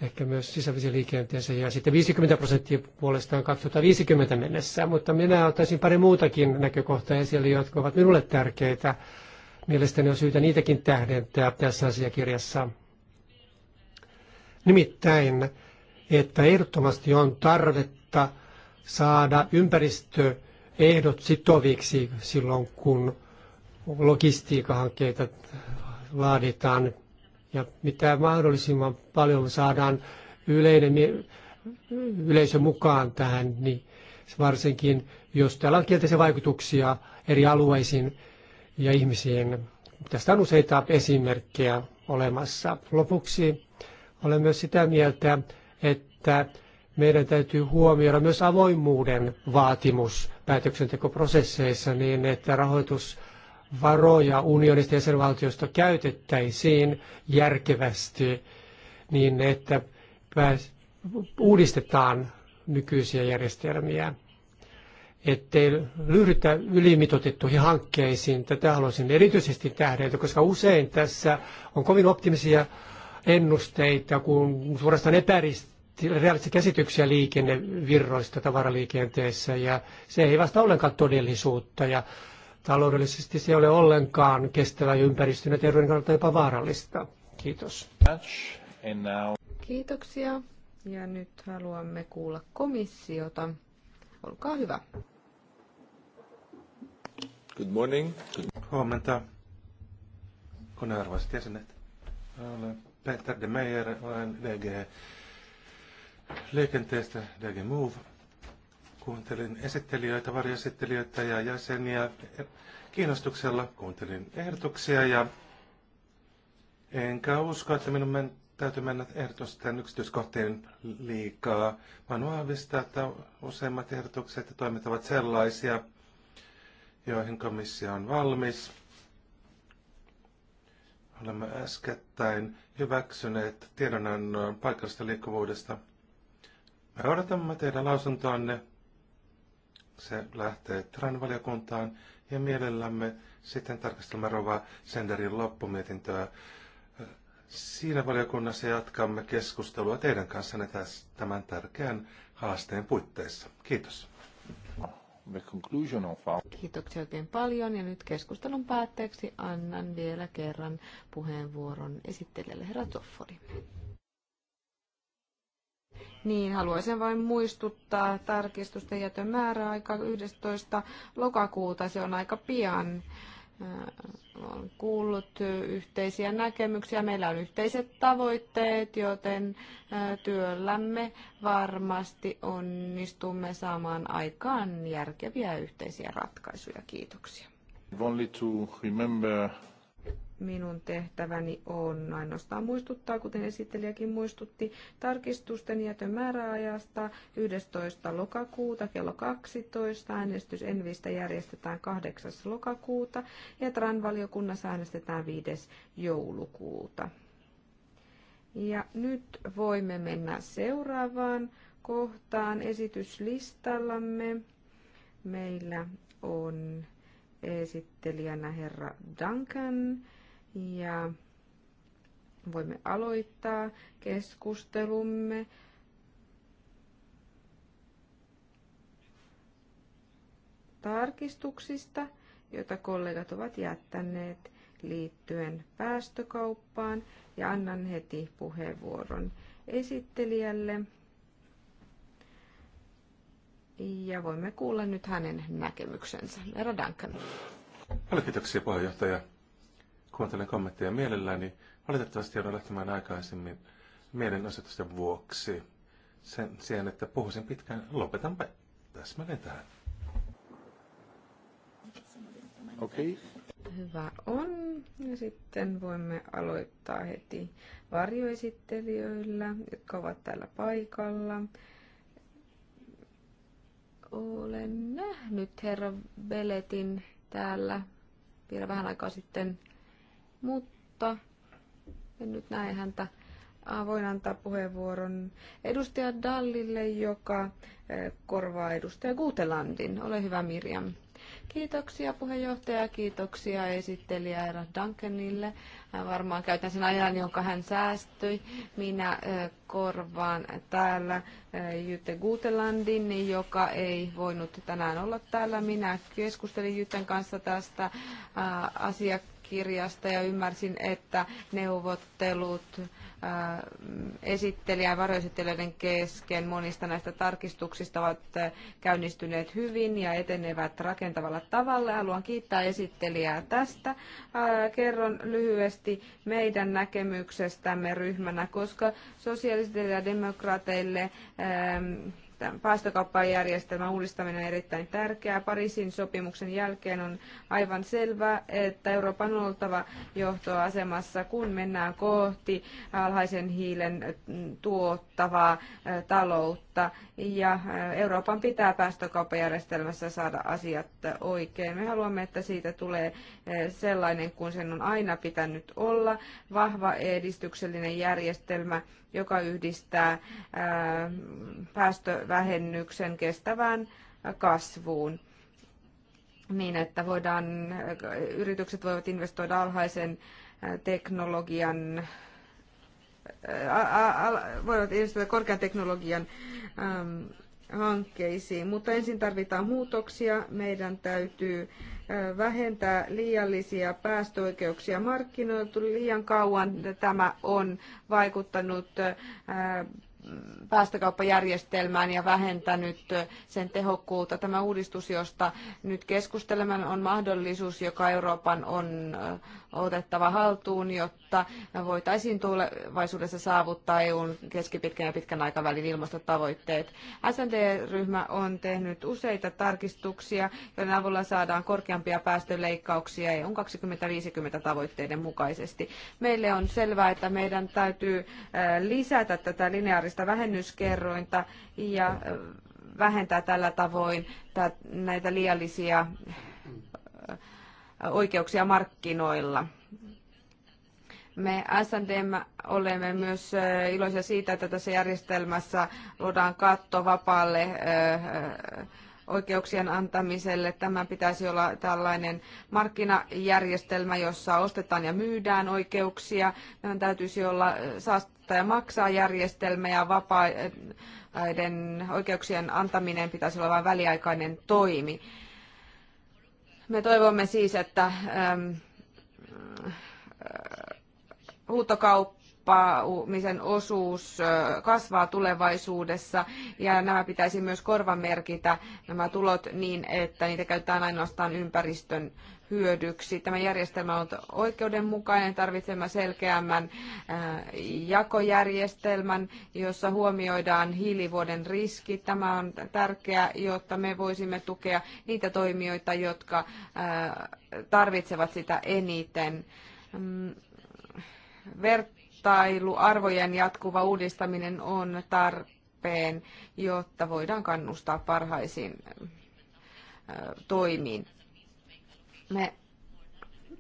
S2: ehkä myös sisävesiliikenteeseen ja sitten 50 prosenttia puolestaan 2050 mennessä. Mutta minä ottaisin pari muutakin näkökohtaa esille, jotka ovat minulle tärkeitä. Mielestäni on syytä niitäkin tähdentää tässä asiakirjassa. Nimittäin, että ehdottomasti on tarvetta saada ympäristö ehdot sitoviksi silloin, kun logistiikkahankkeita laaditaan ja mitä mahdollisimman paljon saadaan yleinen, yleisö mukaan tähän, niin varsinkin jos täällä on kielteisiä vaikutuksia eri alueisiin ja ihmisiin. Tästä on useita esimerkkejä olemassa. Lopuksi olen myös sitä mieltä, että meidän täytyy huomioida myös avoimuuden vaatimus päätöksentekoprosesseissa niin, että rahoitusvaroja unionista ja jäsenvaltiosta käytettäisiin järkevästi niin, että pääs, uudistetaan nykyisiä järjestelmiä, ettei lyhdytä ylimitotettuihin hankkeisiin. Tätä haluaisin erityisesti tähdentää, koska usein tässä on kovin optimisia ennusteita, kun suorastaan epäristä realistisia käsityksiä liikennevirroista tavaraliikenteessä ja se ei vasta ollenkaan todellisuutta ja taloudellisesti se ei ole ollenkaan kestävä ympäristön ja terveyden kannalta jopa vaarallista. Kiitos.
S3: Kiitoksia. Ja nyt haluamme kuulla komissiota. Olkaa hyvä.
S1: Good morning. Good... Huomenta. Kunnianarvoiset jäsenet. Olen Peter de Meijer, olen DG liikenteestä Dagi Move. Kuuntelin esittelijöitä, varjoesittelijöitä ja jäseniä kiinnostuksella. Kuuntelin ehdotuksia ja enkä usko, että minun men- täytyy mennä ehdotusten yksityiskohtiin liikaa. Mä vahvistaa, että useimmat ehdotukset ja toimet ovat sellaisia, joihin komissio on valmis. Olemme äskettäin hyväksyneet tiedonannon paikallisesta liikkuvuudesta me odotamme teidän lausuntoanne. Se lähtee TRAN-valiokuntaan ja mielellämme sitten tarkastelemme Rova Senderin loppumietintöä. Siinä valiokunnassa jatkamme keskustelua teidän kanssanne tämän tärkeän haasteen puitteissa. Kiitos. Kiitoksia
S3: oikein paljon ja nyt keskustelun päätteeksi annan vielä kerran puheenvuoron esittelijälle herra Toffoli. Niin, haluaisin vain muistuttaa tarkistusten jätön määräaika 11. lokakuuta. Se on aika pian. Äh, Olen kuullut yhteisiä näkemyksiä. Meillä on yhteiset tavoitteet, joten äh, työllämme varmasti onnistumme saamaan aikaan järkeviä yhteisiä ratkaisuja. Kiitoksia.
S2: Only
S1: to remember
S3: Minun tehtäväni on ainoastaan muistuttaa, kuten esittelijäkin muistutti, tarkistusten jätön määräajasta 11. lokakuuta kello 12. Äänestys Envistä järjestetään 8. lokakuuta ja Tran valiokunnassa äänestetään 5. joulukuuta. Ja nyt voimme mennä seuraavaan kohtaan esityslistallamme. Meillä on esittelijänä herra Duncan ja voimme aloittaa keskustelumme. tarkistuksista, joita kollegat ovat jättäneet liittyen päästökauppaan ja annan heti puheenvuoron esittelijälle. Ja voimme kuulla nyt hänen näkemyksensä. Herra Duncan.
S1: kiitoksia puheenjohtaja. Kuuntelen kommentteja mielelläni. Valitettavasti joudun lähtemään aikaisemmin mielenosoitusten vuoksi. Sen sijaan, että puhuisin pitkään, lopetanpa täsmälleen tähän. Okei.
S3: Okay. Hyvä on. Ja sitten voimme aloittaa heti varjoesittelijöillä, jotka ovat täällä paikalla. Olen nähnyt herra Beletin täällä vielä vähän aikaa sitten mutta en nyt näe häntä. Voin antaa puheenvuoron edustaja Dallille, joka korvaa edustaja Guutelandin. Ole hyvä Mirjam. Kiitoksia puheenjohtaja, kiitoksia esittelijä Era Duncanille. Hän varmaan käytän sen ajan, jonka hän säästyi. Minä korvaan täällä Jytte Guutelandin, joka ei voinut tänään olla täällä. Minä keskustelin Jytten kanssa tästä asiakkaasta Kirjasta ja ymmärsin, että neuvottelut äh, esittelijä ja varjoesittelijöiden kesken monista näistä tarkistuksista ovat äh, käynnistyneet hyvin ja etenevät rakentavalla tavalla. Haluan kiittää esittelijää tästä. Äh, kerron lyhyesti meidän näkemyksestämme ryhmänä, koska sosiaalisille ja demokraateille ähm, päästökauppajärjestelmän uudistaminen on erittäin tärkeää. Pariisin sopimuksen jälkeen on aivan selvää, että Euroopan on oltava johtoasemassa, kun mennään kohti alhaisen hiilen mm, tuottavaa taloutta. Ja Euroopan pitää päästökauppajärjestelmässä saada asiat oikein. Me haluamme, että siitä tulee sellainen kuin sen on aina pitänyt olla, vahva edistyksellinen järjestelmä, joka yhdistää päästövähennyksen kestävään kasvuun niin, että voidaan, yritykset voivat investoida alhaisen teknologian, voivat investoida korkean teknologian hankkeisiin. Mutta ensin tarvitaan muutoksia. Meidän täytyy vähentää liiallisia päästöoikeuksia markkinoilta. Liian kauan tämä on vaikuttanut päästökauppajärjestelmään ja vähentänyt sen tehokkuutta. Tämä uudistus, josta nyt keskustelemme, on mahdollisuus, joka Euroopan on otettava haltuun, jotta voitaisiin tulevaisuudessa saavuttaa EUn keskipitkän ja pitkän aikavälin ilmastotavoitteet. SND-ryhmä on tehnyt useita tarkistuksia, joiden avulla saadaan korkeampia päästöleikkauksia EUn 2050 tavoitteiden mukaisesti. Meille on selvää, että meidän täytyy lisätä tätä lineaarista vähennyskerrointa ja vähentää tällä tavoin näitä liiallisia oikeuksia markkinoilla. Me SNDM olemme myös iloisia siitä, että tässä järjestelmässä luodaan katto vapaalle oikeuksien antamiselle. Tämä pitäisi olla tällainen markkinajärjestelmä, jossa ostetaan ja myydään oikeuksia. Tämän täytyisi olla saastaja maksaa järjestelmä ja vapaiden oikeuksien antaminen pitäisi olla vain väliaikainen toimi. Me toivomme siis, että huutokauppa kauppaamisen osuus kasvaa tulevaisuudessa ja nämä pitäisi myös korvamerkitä nämä tulot niin, että niitä käytetään ainoastaan ympäristön hyödyksi. Tämä järjestelmä on oikeudenmukainen, tarvitsemme selkeämmän jakojärjestelmän, jossa huomioidaan hiilivuoden riski. Tämä on tärkeää, jotta me voisimme tukea niitä toimijoita, jotka tarvitsevat sitä eniten. Mm, vert vertailu, arvojen jatkuva uudistaminen on tarpeen, jotta voidaan kannustaa parhaisiin toimiin. Me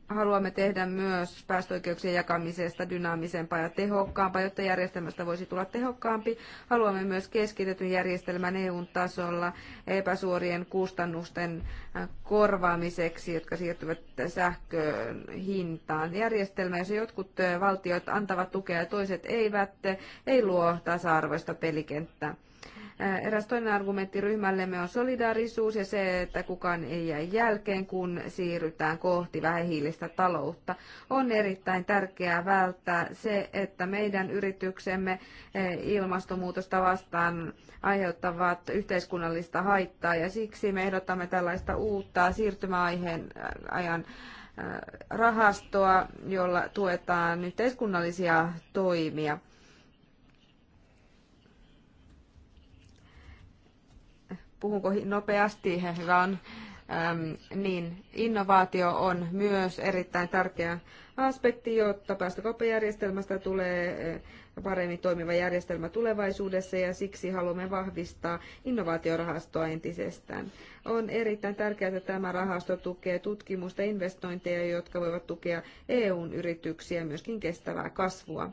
S3: haluamme tehdä myös päästöoikeuksien jakamisesta dynaamisempaa ja tehokkaampaa, jotta järjestelmästä voisi tulla tehokkaampi. Haluamme myös keskitetyn järjestelmän eu tasolla epäsuorien kustannusten äh, korvaamiseksi, jotka siirtyvät sähköön hintaan. Järjestelmä, jossa jotkut äh, valtiot antavat tukea ja toiset eivät, äh, ei luo tasa-arvoista pelikenttää. Eräs toinen argumentti ryhmällemme on solidaarisuus ja se, että kukaan ei jää jälkeen, kun siirrytään kohti vähähiilistä taloutta. On erittäin tärkeää välttää se, että meidän yrityksemme ilmastonmuutosta vastaan aiheuttavat yhteiskunnallista haittaa ja siksi me ehdotamme tällaista uutta siirtymäaiheen ajan rahastoa, jolla tuetaan yhteiskunnallisia toimia. puhunko nopeasti, hyvä on. Äm, niin, innovaatio on myös erittäin tärkeä aspekti, jotta päästökauppajärjestelmästä tulee äh, paremmin toimiva järjestelmä tulevaisuudessa ja siksi haluamme vahvistaa innovaatiorahastoa entisestään. On erittäin tärkeää, että tämä rahasto tukee tutkimusta ja investointeja, jotka voivat tukea EUn yrityksiä myöskin kestävää kasvua.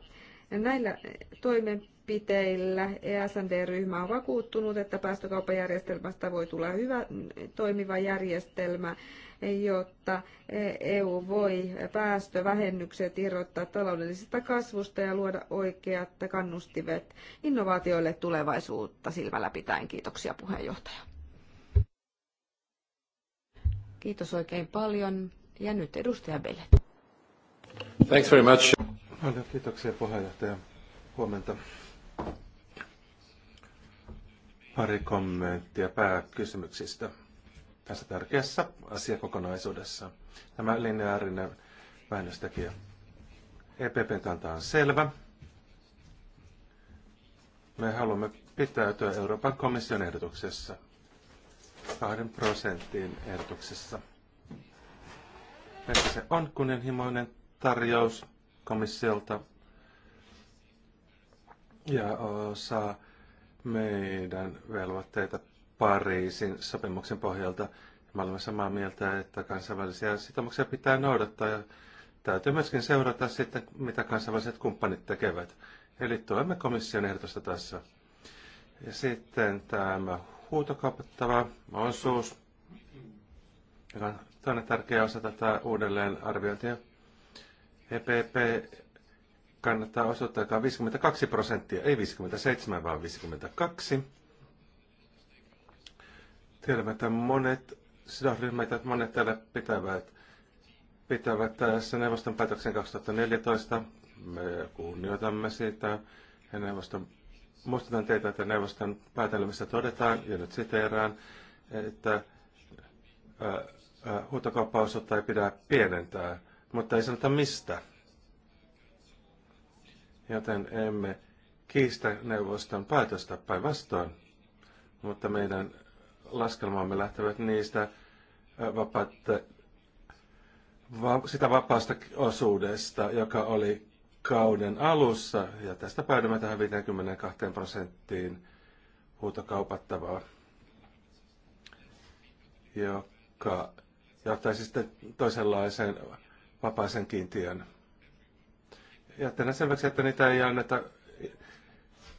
S3: Näillä toimenpiteillä toimenpiteillä ESND-ryhmä on vakuuttunut, että päästökauppajärjestelmästä voi tulla hyvä toimiva järjestelmä, jotta EU voi päästövähennykset irrottaa taloudellisesta kasvusta ja luoda oikeat kannustivet innovaatioille tulevaisuutta silmällä pitäen. Kiitoksia puheenjohtaja. Kiitos oikein paljon. Ja nyt edustaja Bellet.
S1: Thanks very much. kiitoksia puheenjohtaja. Huomenta. Pari kommenttia pääkysymyksistä tässä tärkeässä asiakokonaisuudessa. Tämä lineaarinen vähennystekijä. EPPn kanta on selvä. Me haluamme pitäytyä Euroopan komission ehdotuksessa, kahden prosentin ehdotuksessa. se on kunnianhimoinen tarjous komissiolta ja saa meidän velvoitteita Pariisin sopimuksen pohjalta. Me olemme samaa mieltä, että kansainvälisiä sitoumuksia pitää noudattaa ja täytyy myöskin seurata sitten, mitä kansainväliset kumppanit tekevät. Eli tuemme komission ehdotusta tässä. Ja sitten tämä huutokauppattava osuus, joka on toinen tärkeä osa tätä uudelleenarviointia. EPP kannattaa osoittaakaan 52 prosenttia, ei 57, vaan 52. Tiedämme, että monet sidosryhmät, että monet täällä pitävät, pitävät tässä neuvoston päätöksen 2014. Me kunnioitamme sitä ja neuvoston muistutan teitä, että neuvoston päätelmissä todetaan, ja nyt siteeraan, että huutokauppaosuutta ei pidä pienentää, mutta ei sanota mistä joten emme kiistä neuvoston päätöstä päinvastoin, mutta meidän laskelmamme lähtevät niistä äh, vapaatte, va, sitä vapaasta osuudesta, joka oli kauden alussa, ja tästä päädymme tähän 52 prosenttiin huutokaupattavaa, joka johtaisi sitten toisenlaiseen vapaisen kiintiön ja selväksi, että niitä ei anneta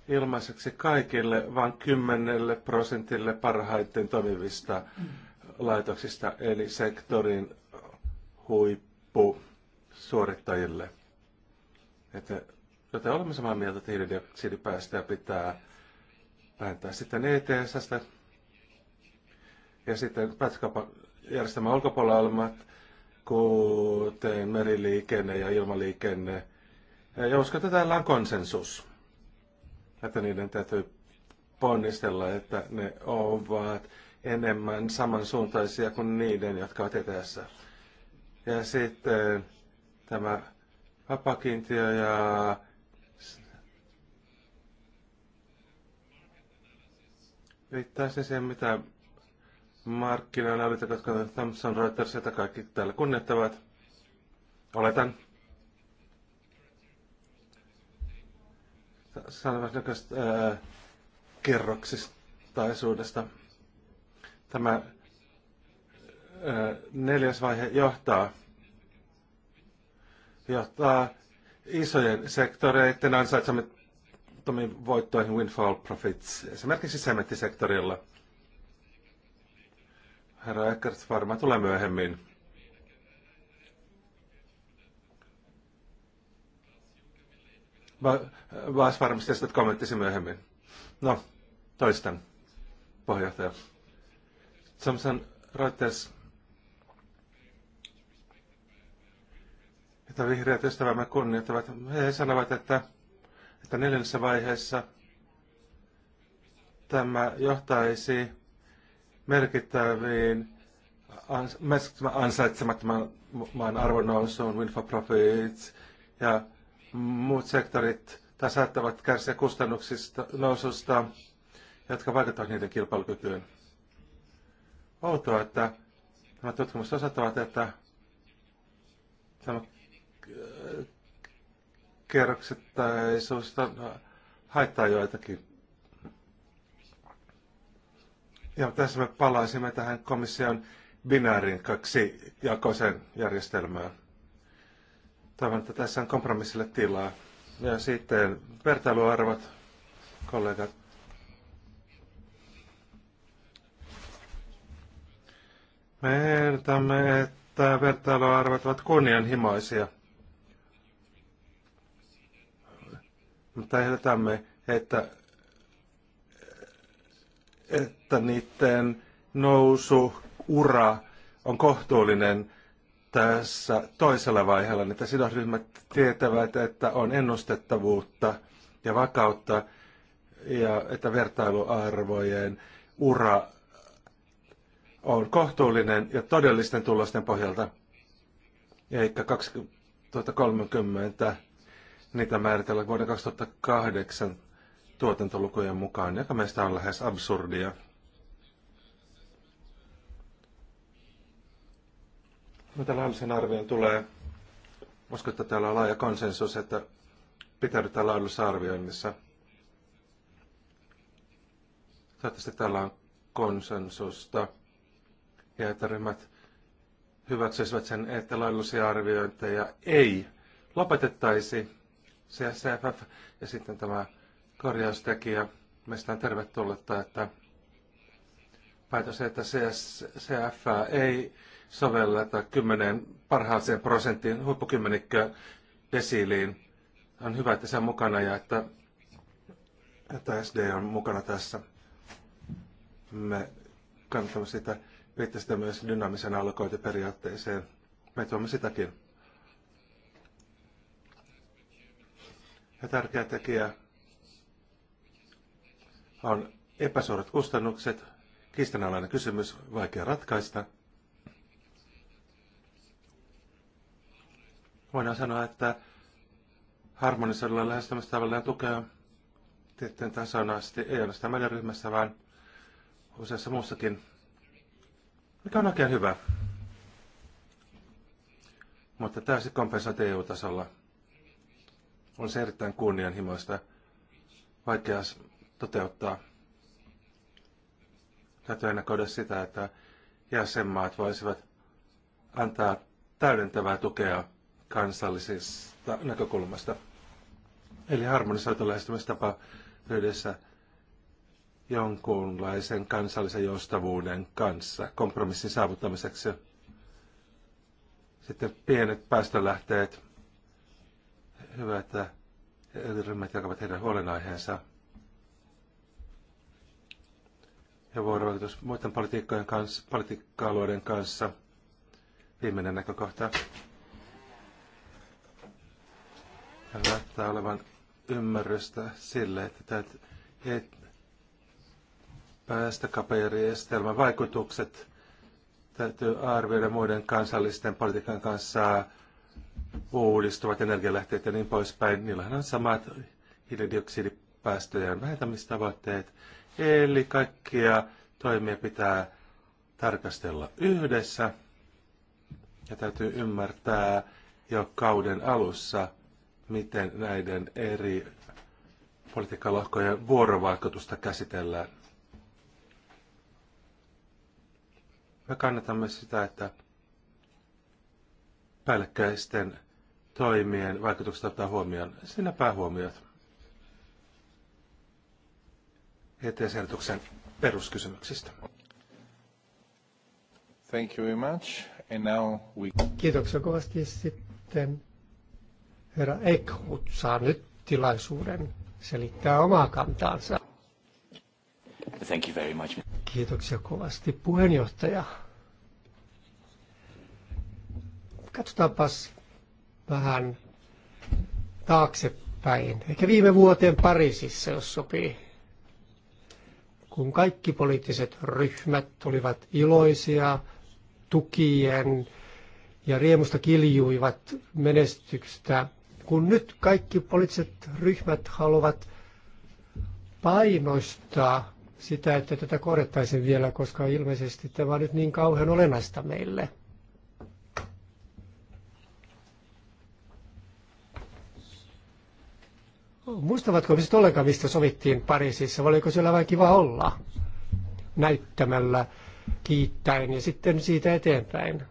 S1: ilmaiseksi kaikille, vaan kymmenelle prosentille parhaiten toimivista laitoksista, eli sektorin suorittajille. Että, joten olemme samaa mieltä, että hiilidioksidipäästöjä pitää vähentää sitten ETSstä ja sitten pätkäjärjestelmän ulkopuolella olemat, kuten meriliikenne ja ilmaliikenne – ja uskon, että täällä on konsensus, että niiden täytyy ponnistella, että ne ovat enemmän samansuuntaisia kuin niiden, jotka ovat etässä. Ja sitten tämä vapakiintiö ja viittaisin siihen, mitä markkinoilla, jotka Thomson Reuters, jota kaikki täällä kunnettavat. Oletan. sanovat näköistä äh, kerroksistaisuudesta. Tämä ää, äh, neljäs vaihe johtaa, johtaa isojen sektoreiden ansaitsemattomiin voittoihin windfall profits, esimerkiksi sementtisektorilla. Herra Eckert varmaan tulee myöhemmin Vaas varmasti kommenttisi myöhemmin. No, toistan, puheenjohtaja. Samson Reuters, että vihreät ystävämme kunnioittavat, he sanovat, että, että neljännessä vaiheessa tämä johtaisi merkittäviin ansaitsemattoman arvonnousuun, win for profits ja muut sektorit tai saattavat kärsiä kustannuksista noususta, jotka vaikuttavat niiden kilpailukykyyn. Outoa, että nämä tutkimukset osoittavat, että tämä
S4: äh,
S1: kerroksittaisuus no, haittaa joitakin. Ja tässä me palaisimme tähän komission binäärin kaksi järjestelmään. Toivon, että tässä on kompromissille tilaa. Ja sitten vertailuarvot, kollegat. Me ehdotamme, että vertailuarvot ovat kunnianhimoisia. Mutta ehdotamme, että, että niiden nousu, ura on kohtuullinen tässä toisella vaiheella, niin, että sidosryhmät tietävät, että on ennustettavuutta ja vakautta ja että vertailuarvojen ura on kohtuullinen ja todellisten tulosten pohjalta, eikä 2030 niitä määritellä vuoden 2008 tuotantolukujen mukaan, joka meistä on lähes absurdia. Mitä laillisen arvioon tulee, uskon, että täällä on laaja konsensus, että pitäydytään laadullisessa arvioinnissa. Toivottavasti täällä on konsensusta ja että ryhmät hyväksyisivät sen, että laillisia arviointeja ei lopetettaisi. CSFF ja sitten tämä korjaustekijä. Meistä on tervetullutta, että päätös, että CSFF ei sovelleta kymmeneen parhaaseen prosenttiin huippukymmenikköä desiliin. On hyvä, että se on mukana ja että, että SD on mukana tässä. Me kannatamme sitä, viittasitte myös dynaamisen allokointiperiaatteeseen. Me tuomme sitäkin. Ja tärkeä tekijä on epäsuorat kustannukset, kiistanalainen kysymys, vaikea ratkaista – Voidaan sanoa, että harmonisoidulla lähestymistavalla tukea tiettyyn tasoon asti, ei ainoastaan meidän ryhmässä, vaan useassa muussakin, mikä on oikein hyvä. Mutta täysin kompensaatio EU-tasolla on se erittäin kunnianhimoista, vaikea toteuttaa. Täytyy ennakoida sitä, että jäsenmaat voisivat antaa täydentävää tukea kansallisesta näkökulmasta. Eli harmonisoitu lähestymistapa yhdessä jonkunlaisen kansallisen joustavuuden kanssa kompromissin saavuttamiseksi. Sitten pienet päästölähteet. Hyvä, että ryhmät jakavat heidän huolenaiheensa. Ja vuorovaikutus muiden politiikkojen kanssa, politiikka-alueiden kanssa. Viimeinen näkökohta. Täällä näyttää olevan ymmärrystä sille, että täytyy päästökapajärjestelmän vaikutukset täytyy arvioida muiden kansallisten politiikan kanssa uudistuvat energialähteet ja niin poispäin. Niillähän on samat hiilidioksidipäästöjen vähentämistavoitteet. Eli kaikkia toimia pitää tarkastella yhdessä ja täytyy ymmärtää jo kauden alussa – miten näiden eri politiikkalohkojen vuorovaikutusta käsitellään. Me kannatamme sitä, että päällekkäisten toimien vaikutukset ottaa huomioon. sinä päähuomiot. Eteenselityksen peruskysymyksistä. Thank you very much. And now we...
S2: Kiitoksia kovasti sitten Herra Eichhut saa nyt tilaisuuden selittää omaa kantaansa. Thank you very much. Kiitoksia kovasti puheenjohtaja. Katsotaanpas vähän taaksepäin, ehkä viime vuoteen Pariisissa, jos sopii, kun kaikki poliittiset ryhmät olivat iloisia tukien ja riemusta kiljuivat menestyksestä kun nyt kaikki poliittiset ryhmät haluavat painostaa sitä, että tätä korjattaisiin vielä, koska ilmeisesti tämä on nyt niin kauhean olennaista meille. Muistavatko ihmiset ollenkaan, mistä sovittiin Pariisissa? Oliko siellä vain kiva olla näyttämällä, kiittäen ja sitten siitä eteenpäin?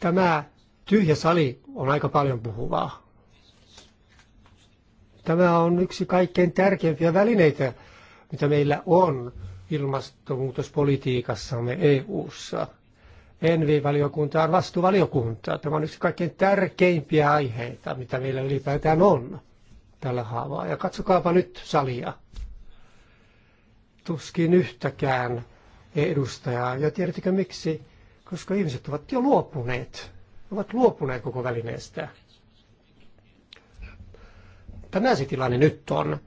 S2: Tämä Tyhjä sali on aika paljon puhuvaa. Tämä on yksi kaikkein tärkeimpiä välineitä, mitä meillä on ilmastonmuutospolitiikassamme EU-ssa. Envi-valiokunta on vastuvaliokunta. Tämä on yksi kaikkein tärkeimpiä aiheita, mitä meillä ylipäätään on tällä haavaa. Ja katsokaapa nyt salia. Tuskin yhtäkään edustajaa. Ja tiedättekö miksi? Koska ihmiset ovat jo luopuneet ovat luopuneet koko välineestä. Tämä se tilanne nyt on.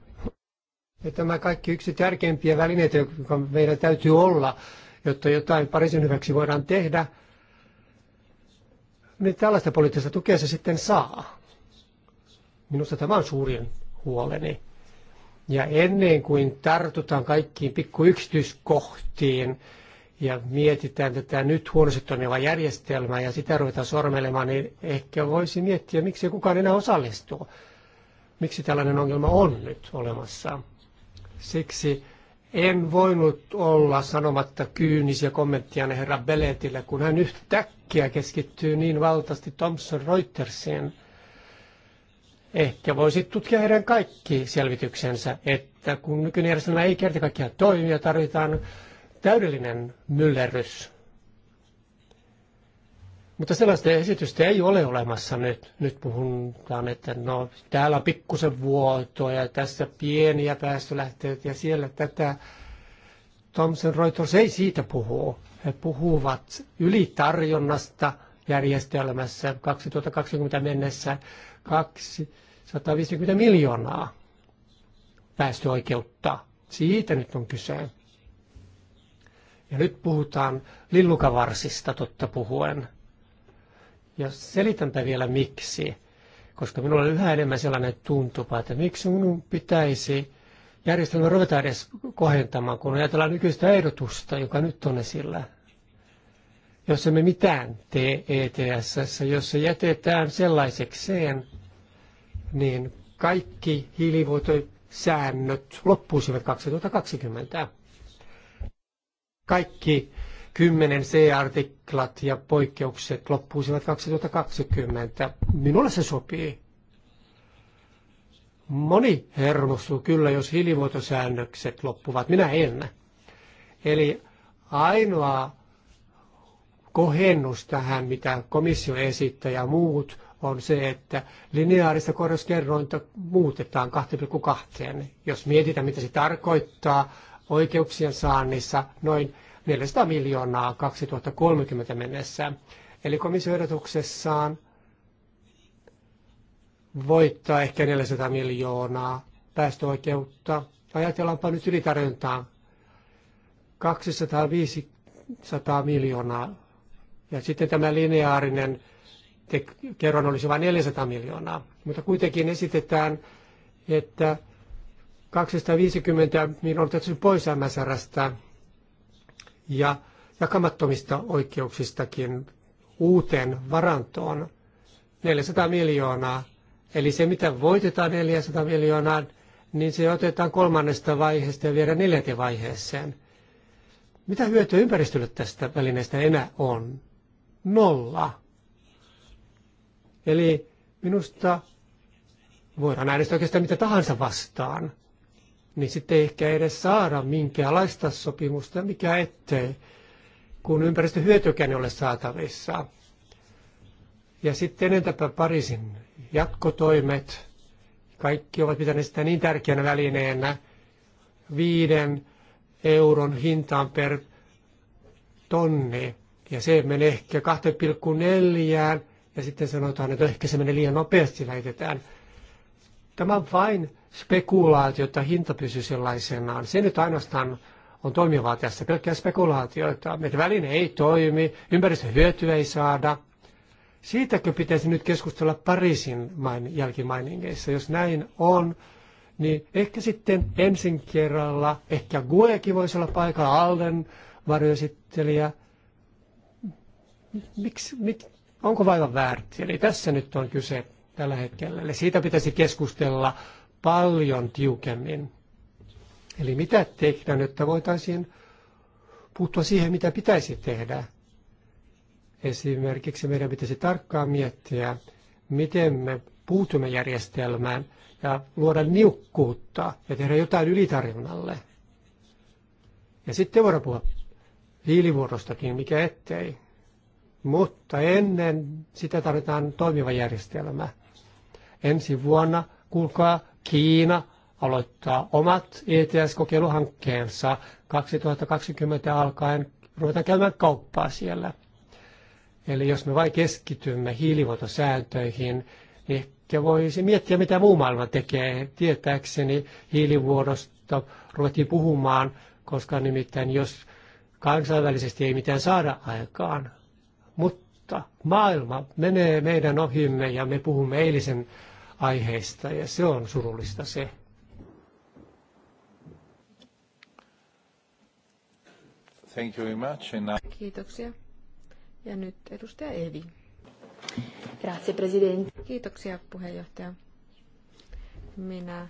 S2: Ja tämä kaikki yksi tärkeimpiä välineitä, jotka meillä täytyy olla, jotta jotain Pariisin hyväksi voidaan tehdä, niin tällaista poliittista tukea se sitten saa. Minusta tämä on suurin huoleni. Ja ennen kuin tartutaan kaikkiin pikkuyksityiskohtiin, yksityiskohtiin, ja mietitään tätä nyt huonosti toimivaa järjestelmää ja sitä ruvetaan sormelemaan, niin ehkä voisi miettiä, miksi kukaan enää osallistuu. Miksi tällainen ongelma on nyt olemassa. Siksi en voinut olla sanomatta kyynisiä kommentteja herra Beletille, kun hän yhtäkkiä keskittyy niin valtavasti Thomson Reutersiin. Ehkä voisit tutkia heidän kaikki selvityksensä, että kun nykyinen järjestelmä ei kerta kaikkiaan toimi ja tarvitaan täydellinen myllerrys. Mutta sellaista esitystä ei ole olemassa nyt. Nyt puhutaan, että no, täällä on pikkusen vuotoa ja tässä pieniä päästölähteitä ja siellä tätä. Thomson Reuters ei siitä puhu. He puhuvat ylitarjonnasta järjestelmässä 2020 mennessä 250 miljoonaa päästöoikeutta. Siitä nyt on kyse. Ja nyt puhutaan lillukavarsista totta puhuen. Ja selitänpä vielä miksi, koska minulla on yhä enemmän sellainen tuntupa, että miksi minun pitäisi järjestelmä ruveta edes kohentamaan, kun ajatellaan nykyistä ehdotusta, joka nyt on esillä. Jos emme mitään tee ETSS, jos se jätetään sellaisekseen, niin kaikki hiilivuotosäännöt loppuisivat 2020 kaikki kymmenen C-artiklat ja poikkeukset loppuisivat 2020. Minulle se sopii. Moni hermostuu kyllä, jos hiilivuotosäännökset loppuvat. Minä en. Eli ainoa kohennus tähän, mitä komissio esittää ja muut, on se, että lineaarista korjauskerrointa muutetaan 2,2. Jos mietitään, mitä se tarkoittaa oikeuksien saannissa noin 400 miljoonaa 2030 mennessä. Eli komissioehdotuksessaan voittaa ehkä 400 miljoonaa päästöoikeutta. Ajatellaanpa nyt ylitarjontaa 200-500 miljoonaa. Ja sitten tämä lineaarinen kerran olisi vain 400 miljoonaa. Mutta kuitenkin esitetään, että 250 miljoonaa otettu pois MSRstä ja jakamattomista oikeuksistakin uuteen varantoon 400 miljoonaa. Eli se, mitä voitetaan 400 miljoonaa, niin se otetaan kolmannesta vaiheesta ja viedään neljänteen vaiheeseen. Mitä hyötyä ympäristölle tästä välineestä enää on? Nolla. Eli minusta voidaan äänestää oikeastaan mitä tahansa vastaan niin sitten ei ehkä edes saada minkäänlaista sopimusta, mikä ettei, kun ympäristöhyötykään ei ole saatavissa. Ja sitten entäpä Pariisin jatkotoimet. Kaikki ovat pitäneet sitä niin tärkeänä välineenä. Viiden euron hintaan per tonni. Ja se menee ehkä 2,4 ja sitten sanotaan, että ehkä se menee liian nopeasti, väitetään. Tämä on vain spekulaatio, että hinta pysyy sellaisenaan. Se nyt ainoastaan on toimivaa tässä, pelkkää spekulaatioita. Meidän väline ei toimi, ympäristön hyötyä ei saada. Siitäkö pitäisi nyt keskustella Pariisin main, jälkimainingeissa? Jos näin on, niin ehkä sitten ensin kerralla, ehkä Guekin voisi olla paikalla, Alden varjoesittelijä. Miksi, mik, onko vaivan väärti? Eli tässä nyt on kyse tällä hetkellä. Eli siitä pitäisi keskustella paljon tiukemmin. Eli mitä tehdään, että voitaisiin puuttua siihen, mitä pitäisi tehdä. Esimerkiksi meidän pitäisi tarkkaan miettiä, miten me puutumme järjestelmään ja luoda niukkuutta ja tehdä jotain ylitarjonnalle. Ja sitten voidaan puhua hiilivuodostakin, mikä ettei. Mutta ennen sitä tarvitaan toimiva järjestelmä. Ensi vuonna, kuulkaa, Kiina aloittaa omat ETS-kokeiluhankkeensa 2020 alkaen ruvetaan käymään kauppaa siellä. Eli jos me vain keskitymme hiilivuotosääntöihin, niin ehkä voisi miettiä, mitä muu maailma tekee. Tietääkseni hiilivuodosta ruvettiin puhumaan, koska nimittäin jos kansainvälisesti ei mitään saada aikaan, mutta maailma menee meidän ohimme ja me puhumme eilisen aiheista ja se on surullista se.
S1: Thank you very much. And
S3: Kiitoksia. Ja nyt edustaja Evi. Grazie, Presidente. Kiitoksia puheenjohtaja. Minä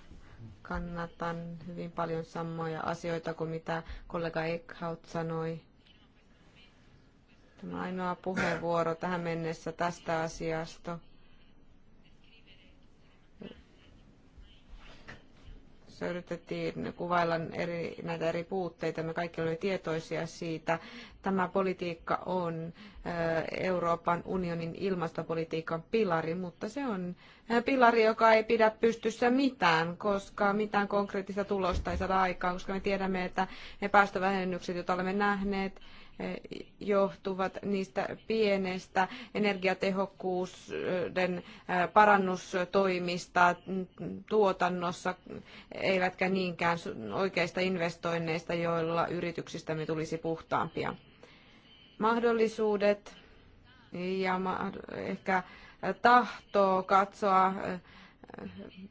S3: kannatan hyvin paljon samoja asioita kuin mitä kollega Eckhout sanoi. Tämä ainoa puheenvuoro tähän mennessä tästä asiasta. jossa yritettiin kuvailla eri, näitä eri puutteita. Me kaikki olimme tietoisia siitä. Tämä politiikka on Euroopan unionin ilmastopolitiikan pilari, mutta se on pilari, joka ei pidä pystyssä mitään, koska mitään konkreettista tulosta ei saada aikaan, koska me tiedämme, että ne päästövähennykset, joita olemme nähneet, johtuvat niistä pienestä energiatehokkuuden parannustoimista tuotannossa, eivätkä niinkään oikeista investoinneista, joilla yrityksistämme tulisi puhtaampia. Mahdollisuudet ja ehkä tahto katsoa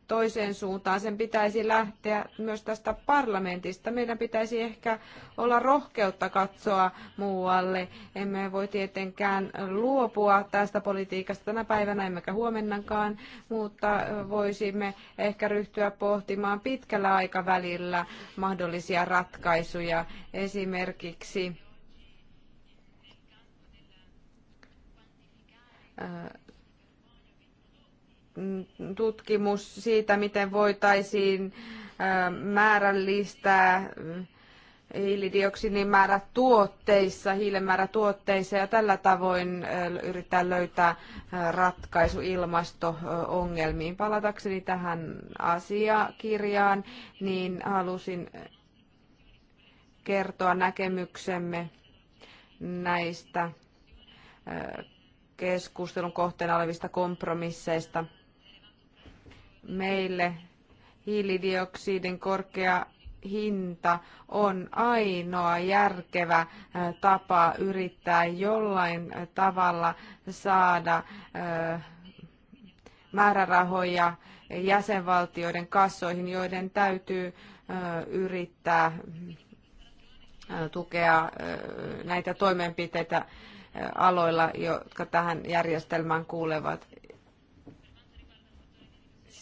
S3: toiseen suuntaan. Sen pitäisi lähteä myös tästä parlamentista. Meidän pitäisi ehkä olla rohkeutta katsoa muualle. Emme voi tietenkään luopua tästä politiikasta tänä päivänä, emmekä huomennakaan, mutta voisimme ehkä ryhtyä pohtimaan pitkällä aikavälillä mahdollisia ratkaisuja. Esimerkiksi Mm, tutkimus siitä, miten voitaisiin määrällistää mm, hiilidioksidin määrä tuotteissa, hiilen määrä tuotteissa ja tällä tavoin yrittää löytää ratkaisu ilmasto-ongelmiin. Palatakseni tähän asiakirjaan, niin halusin kertoa näkemyksemme näistä keskustelun kohteena olevista kompromisseista – meille hiilidioksidin korkea hinta on ainoa järkevä tapa yrittää jollain tavalla saada määrärahoja jäsenvaltioiden kassoihin, joiden täytyy yrittää tukea näitä toimenpiteitä aloilla, jotka tähän järjestelmään kuulevat.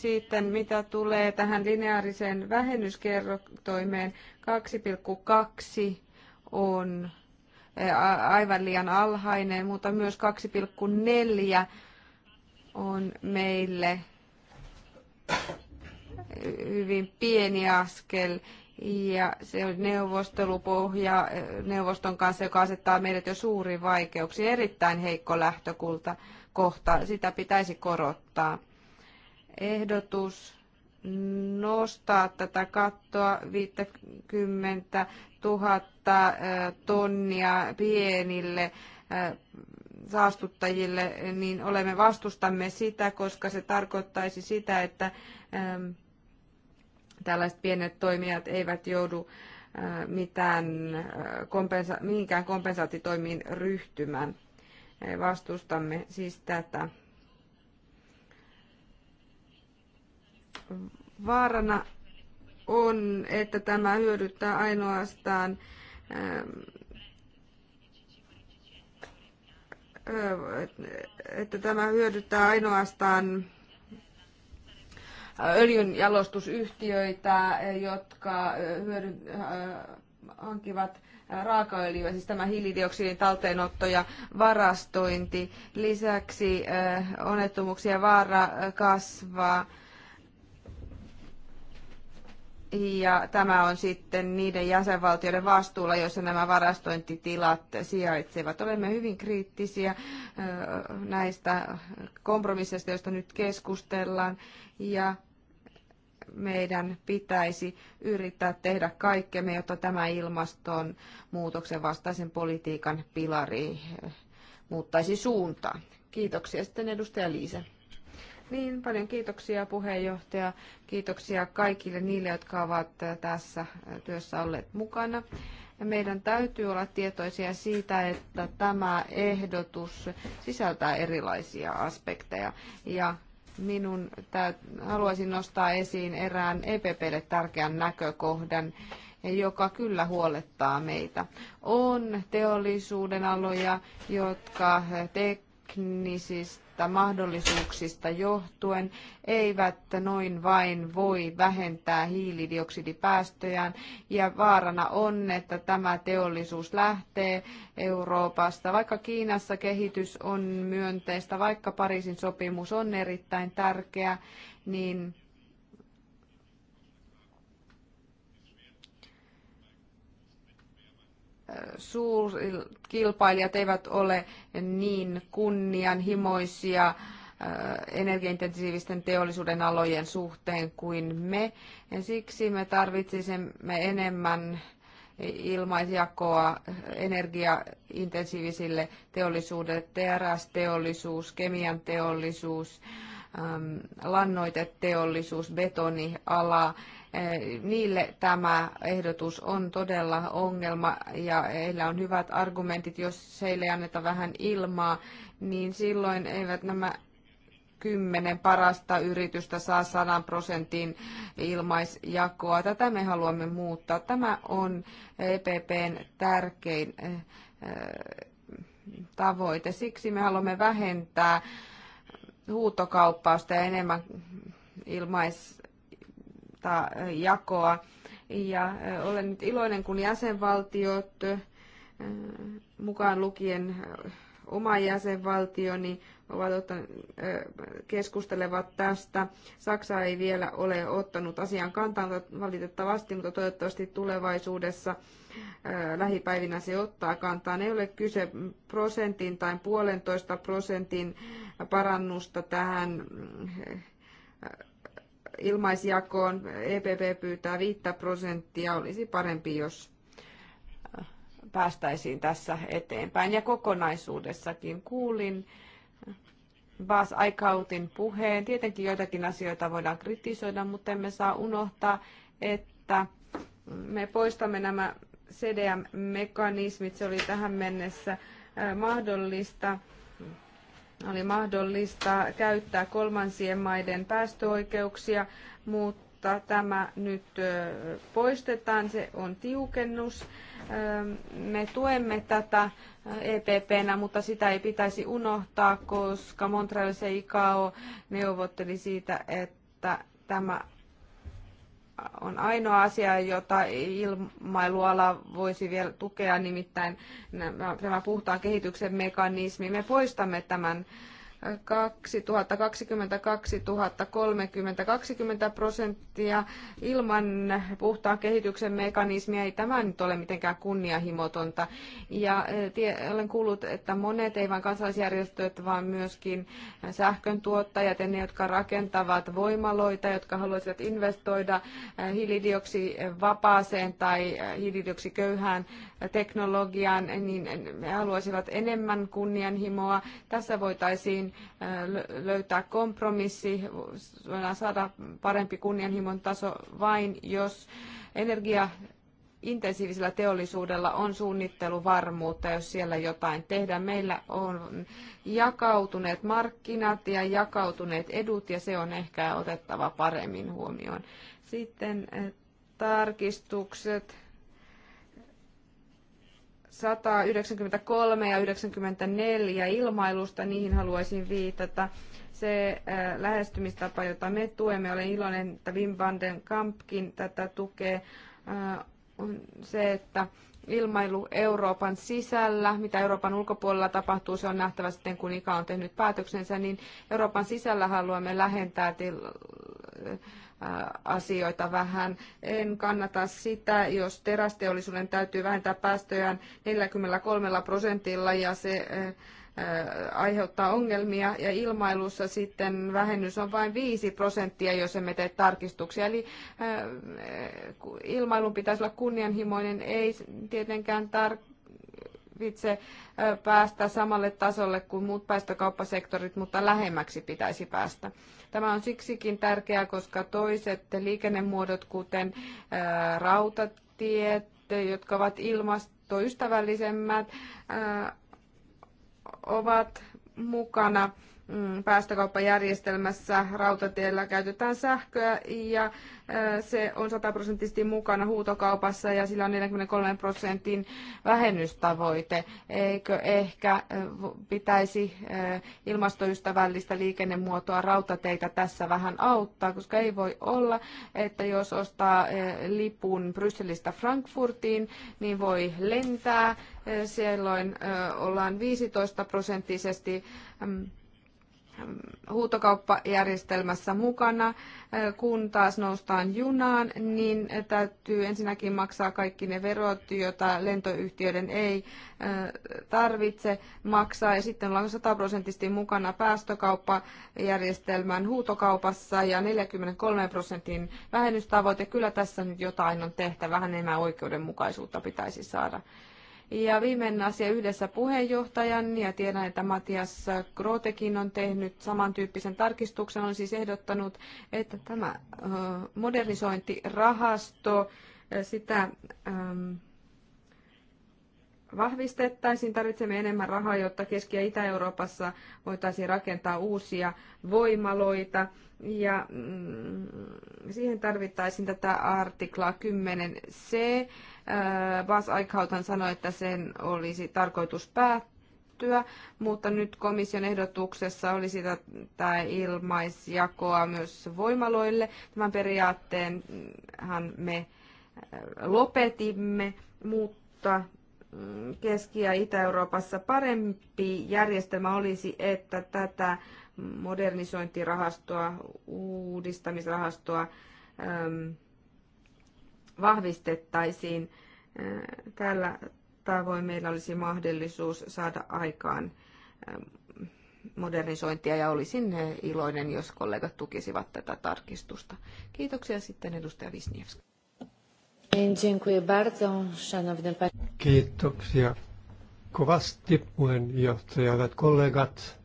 S3: Sitten mitä tulee tähän lineaariseen vähennyskertoimeen, 2,2 on eh, aivan liian alhainen, mutta myös 2,4 on meille hyvin pieni askel. Ja se on neuvostelupohja eh, neuvoston kanssa, joka asettaa meidät jo suuriin vaikeuksiin. Erittäin heikko lähtökulta kohta. Sitä pitäisi korottaa ehdotus nostaa tätä kattoa 50 000 äh, tonnia pienille äh, saastuttajille, niin olemme vastustamme sitä, koska se tarkoittaisi sitä, että ähm, tällaiset pienet toimijat eivät joudu äh, mitään kompensa- mihinkään kompensaatitoimiin ryhtymään. Vastustamme siis tätä. Vaarana on, että tämä hyödyttää ainoastaan ähm, äh, että tämä hyödyttää ainoastaan öljynjalostusyhtiöitä, jotka äh, hyödyn, äh, hankivat raakaöljyä, siis tämä hiilidioksidin talteenotto ja varastointi. Lisäksi onnettomuuksien vaara kasvaa ja tämä on sitten niiden jäsenvaltioiden vastuulla, joissa nämä varastointitilat sijaitsevat. Olemme hyvin kriittisiä näistä kompromisseista, joista nyt keskustellaan. Ja meidän pitäisi yrittää tehdä kaikkemme, jotta tämä ilmastonmuutoksen vastaisen politiikan pilari muuttaisi suuntaa. Kiitoksia sitten edustaja Liise. Niin, paljon kiitoksia puheenjohtaja. Kiitoksia kaikille niille, jotka ovat tässä työssä olleet mukana. Meidän täytyy olla tietoisia siitä, että tämä ehdotus sisältää erilaisia aspekteja. Ja minun täyt- haluaisin nostaa esiin erään EPPlle tärkeän näkökohdan, joka kyllä huolettaa meitä. On teollisuuden aloja, jotka teknisistä että mahdollisuuksista johtuen eivät noin vain voi vähentää hiilidioksidipäästöjään ja vaarana on, että tämä teollisuus lähtee Euroopasta. Vaikka Kiinassa kehitys on myönteistä, vaikka Pariisin sopimus on erittäin tärkeä, niin suurkilpailijat eivät ole niin kunnianhimoisia äh, energiaintensiivisten teollisuuden alojen suhteen kuin me. Ja siksi me tarvitsisimme enemmän ilmaisjakoa energiaintensiivisille teollisuudelle, terästeollisuus, kemian teollisuus, lannoiteteollisuus, betoniala, Niille tämä ehdotus on todella ongelma ja heillä on hyvät argumentit. Jos heille anneta vähän ilmaa, niin silloin eivät nämä kymmenen parasta yritystä saa sadan prosentin ilmaisjakoa. Tätä me haluamme muuttaa. Tämä on EPPn tärkein eh, eh, tavoite. Siksi me haluamme vähentää huutokauppausta ja enemmän ilmais, jakoa. Ja olen nyt iloinen, kun jäsenvaltiot, mukaan lukien oma jäsenvaltioni, ovat ottan, keskustelevat tästä. Saksa ei vielä ole ottanut asian kantaan valitettavasti, mutta toivottavasti tulevaisuudessa lähipäivinä se ottaa kantaa. Ei ole kyse prosentin tai puolentoista prosentin parannusta tähän ilmaisjakoon. EPP pyytää 5 prosenttia. Olisi parempi, jos äh, päästäisiin tässä eteenpäin. Ja kokonaisuudessakin kuulin äh, Bas Aikautin puheen. Tietenkin joitakin asioita voidaan kritisoida, mutta emme saa unohtaa, että me poistamme nämä CDM-mekanismit. Se oli tähän mennessä äh, mahdollista oli mahdollista käyttää kolmansien maiden päästöoikeuksia, mutta tämä nyt poistetaan, se on tiukennus. Me tuemme tätä EPPnä, mutta sitä ei pitäisi unohtaa, koska Montreal ICAO neuvotteli siitä, että tämä on ainoa asia, jota ilmailuala voisi vielä tukea, nimittäin tämä puhtaan kehityksen mekanismi. Me poistamme tämän äh, 2020-2030 prosenttia. Ilman puhtaan kehityksen mekanismia ei tämä nyt ole mitenkään kunnianhimotonta. Ja eh, tie, olen kuullut, että monet, ei vain kansalaisjärjestöt, vaan myöskin sähkön tuottajat ja ne, jotka rakentavat voimaloita, jotka haluaisivat investoida eh, hiilidioksi vapaaseen tai eh, hiilidioksi köyhään teknologiaan, niin haluaisivat enemmän kunnianhimoa. Tässä voitaisiin löytää kompromissi, voidaan saada parempi kunnianhimon taso vain, jos energia intensiivisellä teollisuudella on suunnitteluvarmuutta, jos siellä jotain tehdään. Meillä on jakautuneet markkinat ja jakautuneet edut, ja se on ehkä otettava paremmin huomioon. Sitten tarkistukset 193 ja 94 ilmailusta, niihin haluaisin viitata. Se äh, lähestymistapa, jota me tuemme, olen iloinen, että Wim van den Kampkin tätä tukee, äh, on se, että ilmailu Euroopan sisällä, mitä Euroopan ulkopuolella tapahtuu, se on nähtävä sitten, kun IKA on tehnyt päätöksensä, niin Euroopan sisällä haluamme lähentää til- asioita vähän. En kannata sitä, jos terästeollisuuden täytyy vähentää päästöjään 43 prosentilla ja se aiheuttaa ongelmia ja ilmailussa sitten vähennys on vain 5 prosenttia, jos emme tee tarkistuksia. Eli ilmailun pitäisi olla kunnianhimoinen, ei tietenkään tar- tarvitse päästä samalle tasolle kuin muut päästökauppasektorit, mutta lähemmäksi pitäisi päästä. Tämä on siksikin tärkeää, koska toiset liikennemuodot, kuten rautatiet, jotka ovat ilmastoystävällisemmät, ovat mukana Mm, päästökauppajärjestelmässä rautatiellä käytetään sähköä ja äh, se on sataprosenttisesti mukana huutokaupassa ja sillä on 43 prosentin vähennystavoite. Eikö ehkä äh, pitäisi äh, ilmastoystävällistä liikennemuotoa rautateitä tässä vähän auttaa, koska ei voi olla, että jos ostaa lipun Brysselistä Frankfurtiin, niin voi lentää. Silloin ollaan 15 prosenttisesti mm, huutokauppajärjestelmässä mukana. Äh, kun taas noustaan junaan, niin täytyy ensinnäkin maksaa kaikki ne verot, joita lentoyhtiöiden ei äh, tarvitse maksaa. Ja sitten ollaan 100 prosenttisesti mukana päästökauppajärjestelmän huutokaupassa ja 43 prosentin vähennystavoite. Kyllä tässä nyt jotain on tehtävä, enemmän oikeudenmukaisuutta pitäisi saada. Ja viimeinen asia yhdessä puheenjohtajan, ja tiedän, että Matias Grotekin on tehnyt samantyyppisen tarkistuksen, on siis ehdottanut, että tämä modernisointirahasto, sitä vahvistettaisiin, tarvitsemme enemmän rahaa, jotta Keski- ja Itä-Euroopassa voitaisiin rakentaa uusia voimaloita. Ja mm, siihen tarvittaisiin tätä artiklaa 10c, Äh, Bas Aikhauthan sanoi, että sen olisi tarkoitus päättyä, mutta nyt komission ehdotuksessa olisi tätä ilmaisjakoa myös voimaloille. Tämän periaatteenhan me äh, lopetimme, mutta mm, Keski- ja Itä-Euroopassa parempi järjestelmä olisi, että tätä modernisointirahastoa, uudistamisrahastoa, äm, vahvistettaisiin. Tällä tavoin meillä olisi mahdollisuus saada aikaan modernisointia ja olisin iloinen, jos kollegat tukisivat tätä tarkistusta. Kiitoksia sitten edustaja Wisniewski. Niin,
S2: Kiitoksia kovasti puheenjohtaja, hyvät kollegat.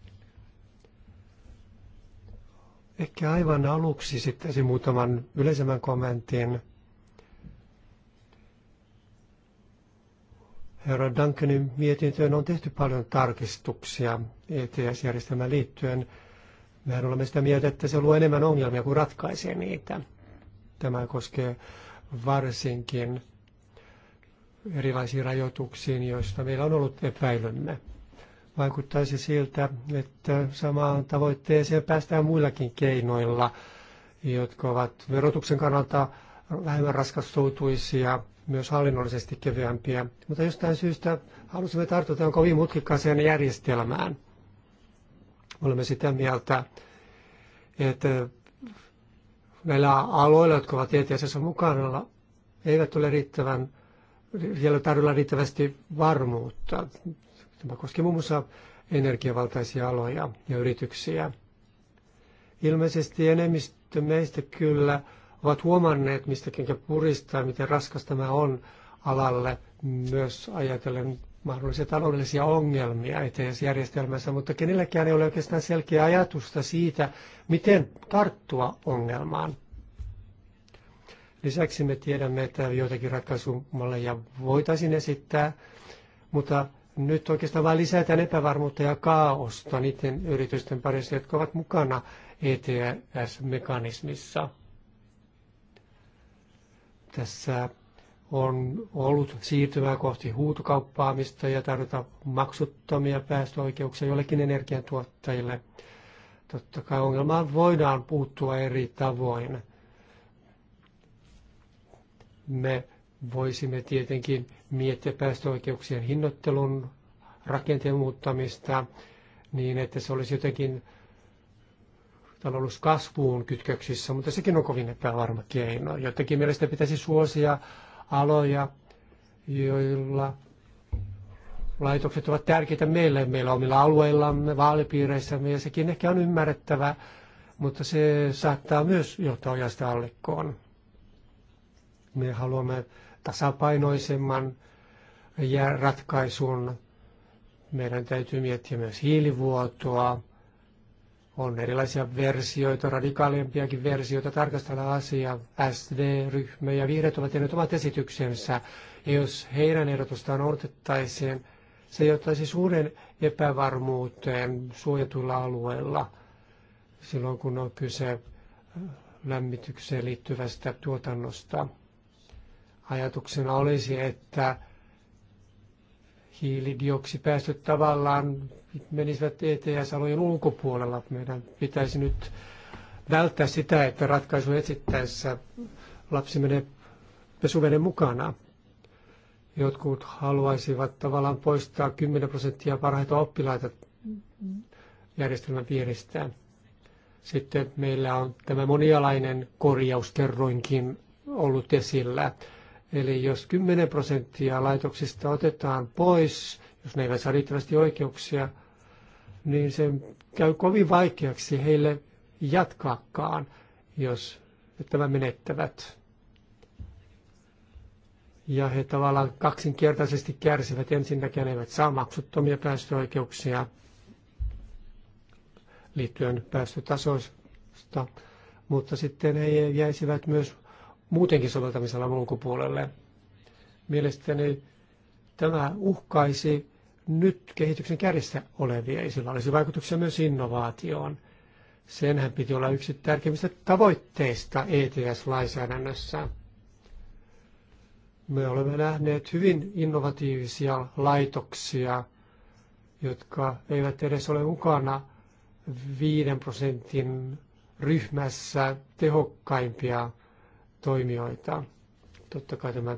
S2: Ehkä aivan aluksi sitten muutaman yleisemmän kommentin. herra Duncanin mietintöön on tehty paljon tarkistuksia ETS-järjestelmään liittyen. Mehän olemme sitä mieltä, että se luo enemmän ongelmia kuin ratkaisee niitä. Tämä koskee varsinkin erilaisiin rajoituksiin, joista meillä on ollut epäilymme. Vaikuttaisi siltä, että samaan tavoitteeseen päästään muillakin keinoilla, jotka ovat verotuksen kannalta vähemmän raskastuutuisia myös hallinnollisesti kevyempiä, mutta jostain syystä halusimme tarttua tähän kovin mutkikkaaseen järjestelmään. Olemme sitä mieltä, että näillä aloilla, jotka ovat ETSS mukana, eivät ole riittävän, vielä tarjolla riittävästi varmuutta. Tämä koski muun muassa energiavaltaisia aloja ja yrityksiä. Ilmeisesti enemmistö meistä kyllä ovat huomanneet, mistä kenkä puristaa, miten raskas tämä on alalle, myös ajatellen mahdollisia taloudellisia ongelmia ETS-järjestelmässä, mutta kenelläkään ei ole oikeastaan selkeää ajatusta siitä, miten tarttua ongelmaan. Lisäksi me tiedämme, että joitakin ratkaisumalleja voitaisiin esittää, mutta nyt oikeastaan vain lisätään epävarmuutta ja kaaosta niiden yritysten parissa, jotka ovat mukana ETS-mekanismissa. Tässä on ollut siirtymää kohti huutokauppaamista ja tarjota maksuttomia päästöoikeuksia jollekin energiantuottajille. Totta kai ongelmaan voidaan puuttua eri tavoin. Me voisimme tietenkin miettiä päästöoikeuksien hinnoittelun rakenteen muuttamista niin, että se olisi jotenkin talouskasvuun kytköksissä, mutta sekin on kovin epävarma keino. Jotenkin mielestä pitäisi suosia aloja, joilla laitokset ovat tärkeitä meille, meillä omilla alueillamme, vaalipiireissämme, ja sekin ehkä on ymmärrettävä, mutta se saattaa myös johtaa ojasta allikkoon. Me haluamme tasapainoisemman ja ratkaisun. Meidän täytyy miettiä myös hiilivuotoa, on erilaisia versioita, radikaalimpiakin versioita tarkastella asiaa. SD-ryhmä ja vihreät ovat tehneet omat esityksensä. Ja jos heidän ehdotustaan odotettaisiin, se johtaisi suuren epävarmuuteen suojatuilla alueilla silloin, kun on kyse lämmitykseen liittyvästä tuotannosta. Ajatuksena olisi, että hiilidioksipäästöt tavallaan menisivät ets alojen ulkopuolella. Meidän pitäisi nyt välttää sitä, että ratkaisu etsittäessä lapsi menee pesuveden mukana. Jotkut haluaisivat tavallaan poistaa 10 prosenttia parhaita oppilaita järjestelmän piiristä. Sitten meillä on tämä monialainen korjauskerroinkin ollut esillä. Eli jos 10 prosenttia laitoksista otetaan pois, jos ne eivät saa riittävästi oikeuksia, niin se käy kovin vaikeaksi heille jatkaakaan, jos tämä menettävät. Ja he tavallaan kaksinkertaisesti kärsivät. Ensinnäkin eivät saa maksuttomia päästöoikeuksia liittyen päästötasoista, mutta sitten he jäisivät myös muutenkin soveltamisalan ulkopuolelle. Mielestäni tämä uhkaisi nyt kehityksen kärjessä olevia ja sillä olisi vaikutuksia myös innovaatioon. Senhän piti olla yksi tärkeimmistä tavoitteista ETS-lainsäädännössä. Me olemme nähneet hyvin innovatiivisia laitoksia, jotka eivät edes ole mukana viiden prosentin ryhmässä tehokkaimpia toimijoita. Totta kai tämä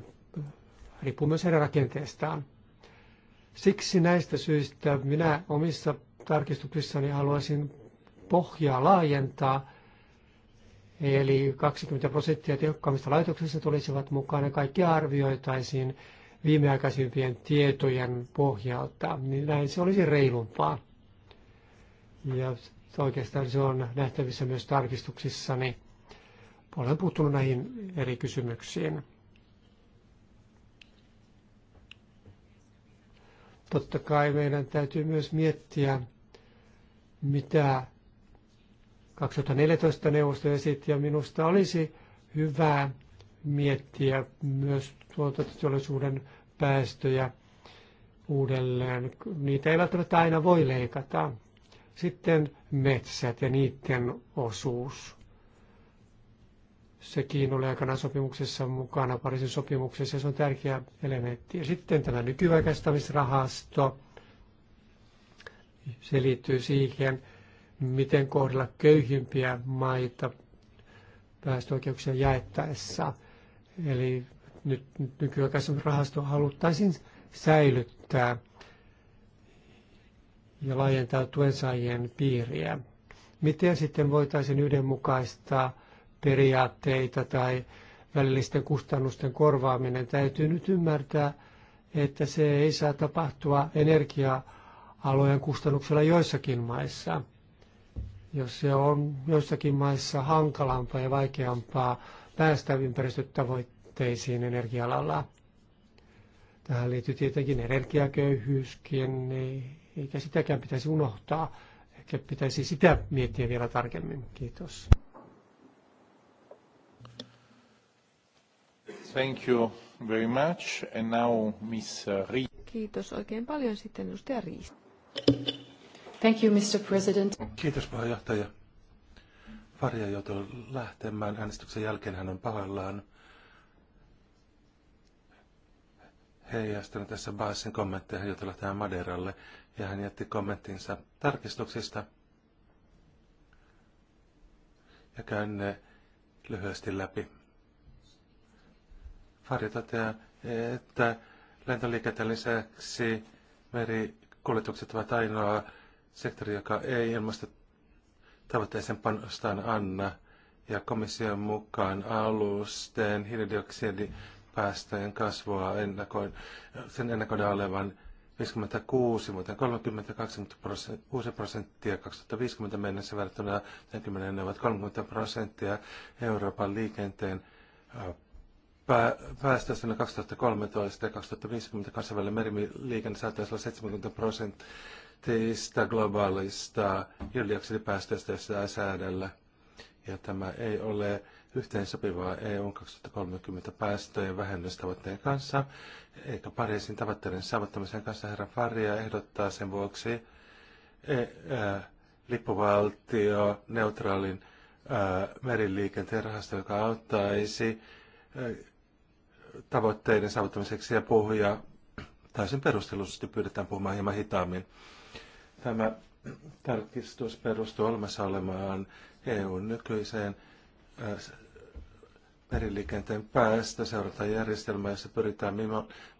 S2: riippuu myös heidän rakenteestaan. Siksi näistä syistä minä omissa tarkistuksissani haluaisin pohjaa laajentaa, eli 20 prosenttia tehokkaammista laitoksista tulisivat mukaan ja kaikki arvioitaisiin viimeaikaisimpien tietojen pohjalta, niin näin se olisi reilumpaa. Ja oikeastaan se on nähtävissä myös tarkistuksissani olen puuttunut näihin eri kysymyksiin. Totta kai meidän täytyy myös miettiä, mitä 2014 neuvosto esitti, ja minusta olisi hyvä miettiä myös tuotantoteollisuuden päästöjä uudelleen. Niitä ei välttämättä aina voi leikata. Sitten metsät ja niiden osuus. Sekin oli aikanaan sopimuksessa mukana, Pariisin sopimuksessa, ja se on tärkeä elementti. Ja sitten tämä nykyaikaistamisrahasto, se liittyy siihen, miten kohdella köyhimpiä maita päästöoikeuksia jaettaessa. Eli nyt nykyaikaistamisrahasto haluttaisiin säilyttää ja laajentaa tuensaajien piiriä. Miten sitten voitaisiin yhdenmukaistaa periaatteita tai välillisten kustannusten korvaaminen. Täytyy nyt ymmärtää, että se ei saa tapahtua energia-alojen kustannuksella joissakin maissa. Jos se on joissakin maissa hankalampaa ja vaikeampaa päästä ympäristötavoitteisiin energialalla. Tähän liittyy tietenkin energiaköyhyyskin, niin eikä sitäkään pitäisi unohtaa. Ehkä pitäisi sitä miettiä vielä tarkemmin. Kiitos. Thank you very much. And now Ries.
S3: Kiitos oikein paljon sitten edustaja Riis. Thank you, Mr.
S2: President.
S1: Kiitos puheenjohtaja. Faria joutui lähtemään äänestyksen jälkeen. Hän on pahoillaan heijastanut tässä Baasin kommentteja. Hän joutui lähtemään Maderalle ja hän jätti kommenttinsa tarkistuksista. Ja käyn ne lyhyesti läpi. Fari toteaa, että lentoliikenteen lisäksi merikuljetukset ovat ainoa sektori, joka ei tavoitteeseen panostaan anna. Ja komission mukaan alusten hiilidioksidipäästöjen kasvua ennakoin, sen ennakoidaan olevan 56 vuoteen 30, prosenttia, prosenttia 2050 mennessä verrattuna 40 ne ovat 30 prosenttia Euroopan liikenteen päästöissä vuonna 2013 ja 2050 kansainvälinen meriliikenne saattaisi olla 70 prosenttista globaalista hiilidioksidipäästöistä, josta säädellä. Ja tämä ei ole yhteensopivaa EUn 2030 päästöjen vähennystavoitteen kanssa, eikä Pariisin tavoitteiden saavuttamisen kanssa. Herra Faria ehdottaa sen vuoksi e, lippuvaltio neutraalin meriliikenteen rahasto, joka auttaisi tavoitteiden saavuttamiseksi ja puhuja täysin perustellusti pyydetään puhumaan hieman hitaammin. Tämä tarkistus perustuu olemassa olemaan EUn nykyiseen äh, meriliikenteen päästöseurantajärjestelmä, jossa pyritään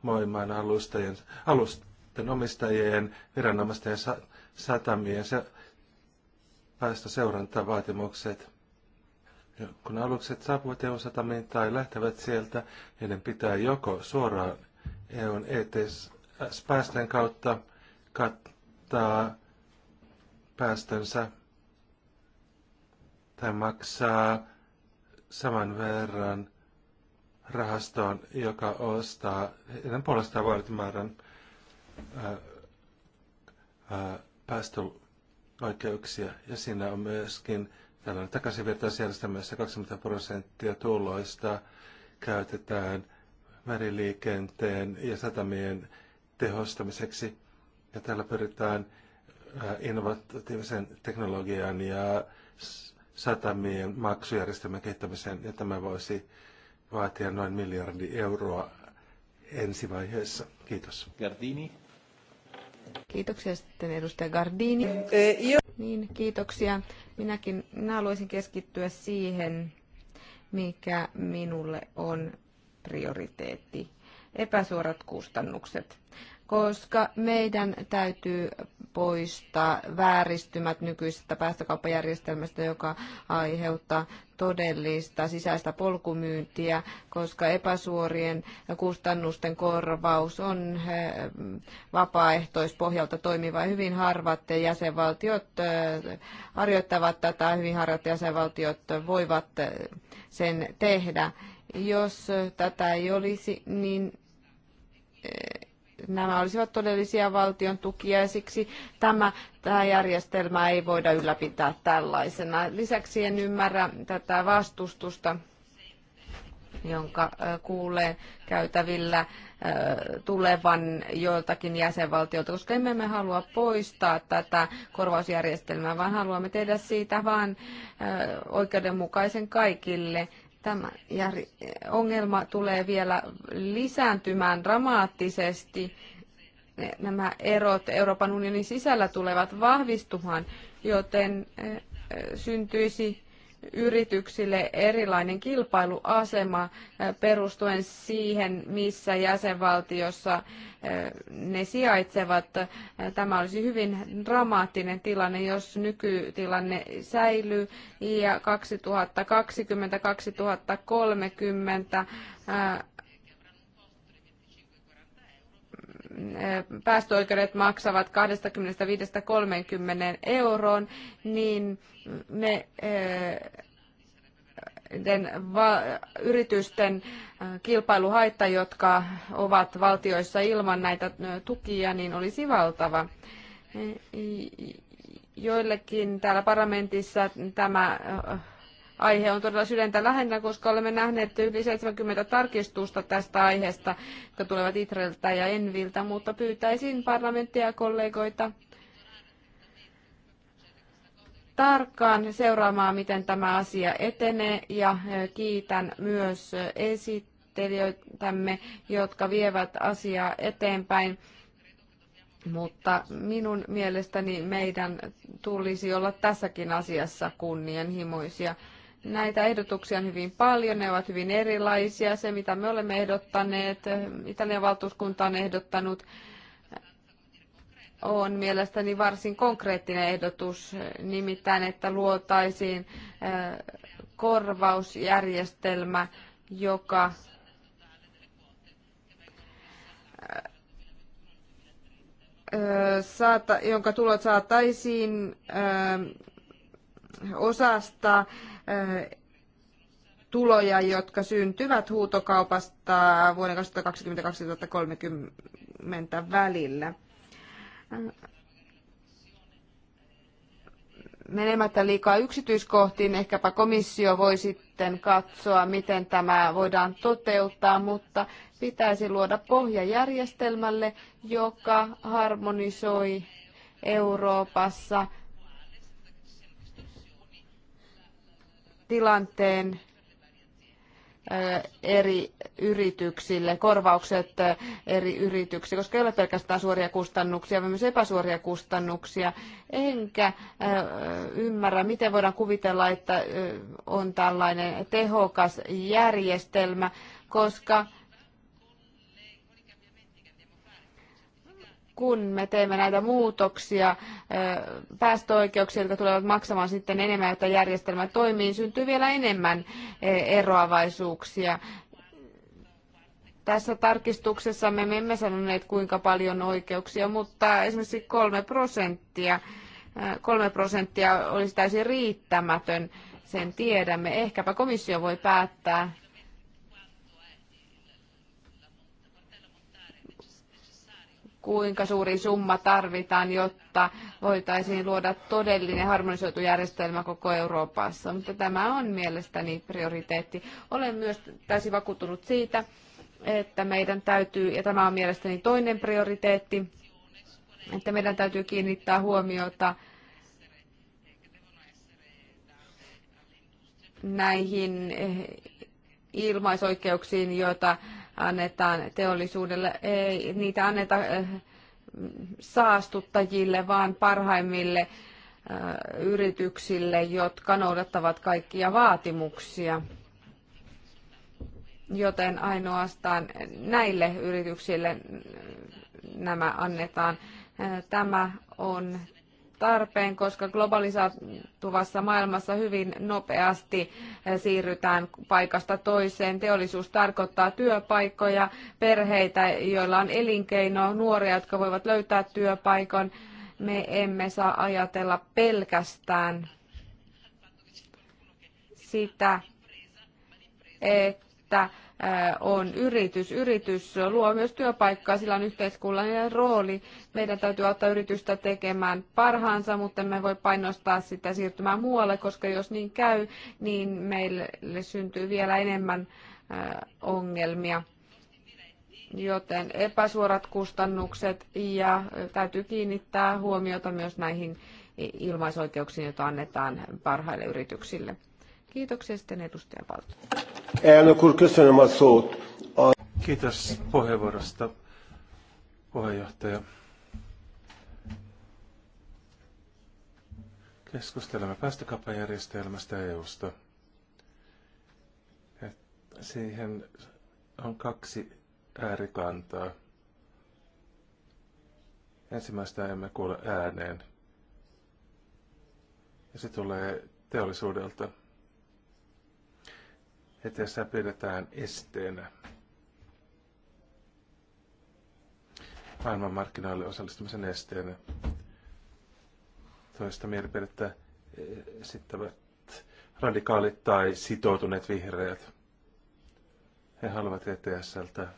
S1: moimaan alustajien, alusten omistajien, viranomaisten ja satamien se, vaatimukset ja kun alukset saapuvat EU-satamiin tai lähtevät sieltä, heidän pitää joko suoraan EUn ets päästön kautta kattaa päästönsä tai maksaa saman verran rahastoon, joka ostaa heidän puolestaan vaatimäärän päästöoikeuksia. Ja siinä on myöskin Tällainen takaisinvertaisjärjestelmässä 20 prosenttia tuloista käytetään meriliikenteen ja satamien tehostamiseksi. Ja tällä pyritään äh, innovatiivisen teknologian ja satamien maksujärjestelmän kehittämiseen, ja tämä voisi vaatia noin miljardi euroa ensivaiheessa. Kiitos. Gardini.
S3: Kiitoksia sitten edustaja Gardini. Eh, niin, kiitoksia. Minäkin minä haluaisin keskittyä siihen, mikä minulle on prioriteetti. Epäsuorat kustannukset koska meidän täytyy poistaa vääristymät nykyisestä päästökauppajärjestelmästä, joka aiheuttaa todellista sisäistä polkumyyntiä, koska epäsuorien kustannusten korvaus on eh, vapaaehtoispohjalta toimiva. Hyvin harvat jäsenvaltiot eh, harjoittavat tätä, hyvin harvat jäsenvaltiot voivat eh, sen tehdä. Jos tätä ei olisi, niin nämä olisivat todellisia valtion tukia ja siksi tämä, tämä järjestelmä ei voida ylläpitää tällaisena. Lisäksi en ymmärrä tätä vastustusta jonka kuulee käytävillä tulevan joiltakin jäsenvaltiolta, koska emme me halua poistaa tätä korvausjärjestelmää, vaan haluamme tehdä siitä vain oikeudenmukaisen kaikille tämä ongelma tulee vielä lisääntymään dramaattisesti. Nämä erot Euroopan unionin sisällä tulevat vahvistumaan, joten eh, eh, syntyisi yrityksille erilainen kilpailuasema eh, perustuen siihen, missä jäsenvaltiossa eh, ne sijaitsevat. Eh, tämä olisi hyvin dramaattinen tilanne, jos nykytilanne säilyy ja 2020-2030 päästöoikeudet maksavat 25-30 euroon, niin ne eh, yritysten eh, kilpailuhaitta, jotka ovat valtioissa ilman näitä eh, tukia, niin olisi valtava. Joillekin täällä parlamentissa tämä aihe on todella sydäntä lähinnä, koska olemme nähneet yli 70 tarkistusta tästä aiheesta, jotka tulevat Itreltä ja Enviltä, mutta pyytäisin parlamenttia ja kollegoita tarkkaan seuraamaan, miten tämä asia etenee ja kiitän myös esittelijöitämme, jotka vievät asiaa eteenpäin. Mutta minun mielestäni meidän tulisi olla tässäkin asiassa kunnianhimoisia. Näitä ehdotuksia on hyvin paljon, ne ovat hyvin erilaisia. Se, mitä me olemme ehdottaneet, Italian valtuuskunta on ehdottanut, on mielestäni varsin konkreettinen ehdotus, nimittäin että luotaisiin korvausjärjestelmä, joka saata, jonka tulot saataisiin ö, osasta tuloja, jotka syntyvät huutokaupasta vuoden 2020-2030 välillä. Menemättä liikaa yksityiskohtiin, ehkäpä komissio voi sitten katsoa, miten tämä voidaan toteuttaa, mutta pitäisi luoda pohja järjestelmälle, joka harmonisoi Euroopassa tilanteen eri yrityksille, korvaukset eri yrityksille, koska ei ole pelkästään suoria kustannuksia, vaan myös epäsuoria kustannuksia. Enkä ymmärrä, miten voidaan kuvitella, että on tällainen tehokas järjestelmä, koska kun me teemme näitä muutoksia, päästöoikeuksia, jotka tulevat maksamaan sitten enemmän, jotta järjestelmä toimii, syntyy vielä enemmän eroavaisuuksia. Tässä tarkistuksessa me emme sanoneet kuinka paljon oikeuksia, mutta esimerkiksi kolme prosenttia, kolme prosenttia olisi täysin riittämätön, sen tiedämme. Ehkäpä komissio voi päättää kuinka suuri summa tarvitaan, jotta voitaisiin luoda todellinen harmonisoitu järjestelmä koko Euroopassa. Mutta tämä on mielestäni prioriteetti. Olen myös täysin vakuuttunut siitä, että meidän täytyy, ja tämä on mielestäni toinen prioriteetti, että meidän täytyy kiinnittää huomiota näihin ilmaisoikeuksiin, joita annetaan teollisuudelle, ei niitä anneta eh, saastuttajille, vaan parhaimmille eh, yrityksille, jotka noudattavat kaikkia vaatimuksia. Joten ainoastaan näille yrityksille nämä annetaan. Eh, tämä on tarpeen, koska globalisaatuvassa maailmassa hyvin nopeasti siirrytään paikasta toiseen. Teollisuus tarkoittaa työpaikkoja, perheitä, joilla on elinkeino, nuoria, jotka voivat löytää työpaikan. Me emme saa ajatella pelkästään sitä, että on yritys. Yritys luo myös työpaikkaa, sillä on yhteiskunnallinen rooli. Meidän täytyy auttaa yritystä tekemään parhaansa, mutta me voi painostaa sitä siirtymään muualle, koska jos niin käy, niin meille syntyy vielä enemmän ongelmia. Joten epäsuorat kustannukset ja täytyy kiinnittää huomiota myös näihin ilmaisoikeuksiin, joita annetaan parhaille yrityksille. Kiitoksia sitten edustaja Palttu.
S1: Elnök úr, köszönöm a szót. A... Kiitos puheenvuorosta, puheenjohtaja. Keskustelemme päästökauppajärjestelmästä EU-sta. Siihen on kaksi äärikantaa. Ensimmäistä emme kuule ääneen. Ja se tulee teollisuudelta että sitä pidetään esteenä maailmanmarkkinoille osallistumisen esteenä. Toista mielipidettä esittävät radikaalit tai sitoutuneet vihreät. He haluavat ETSltä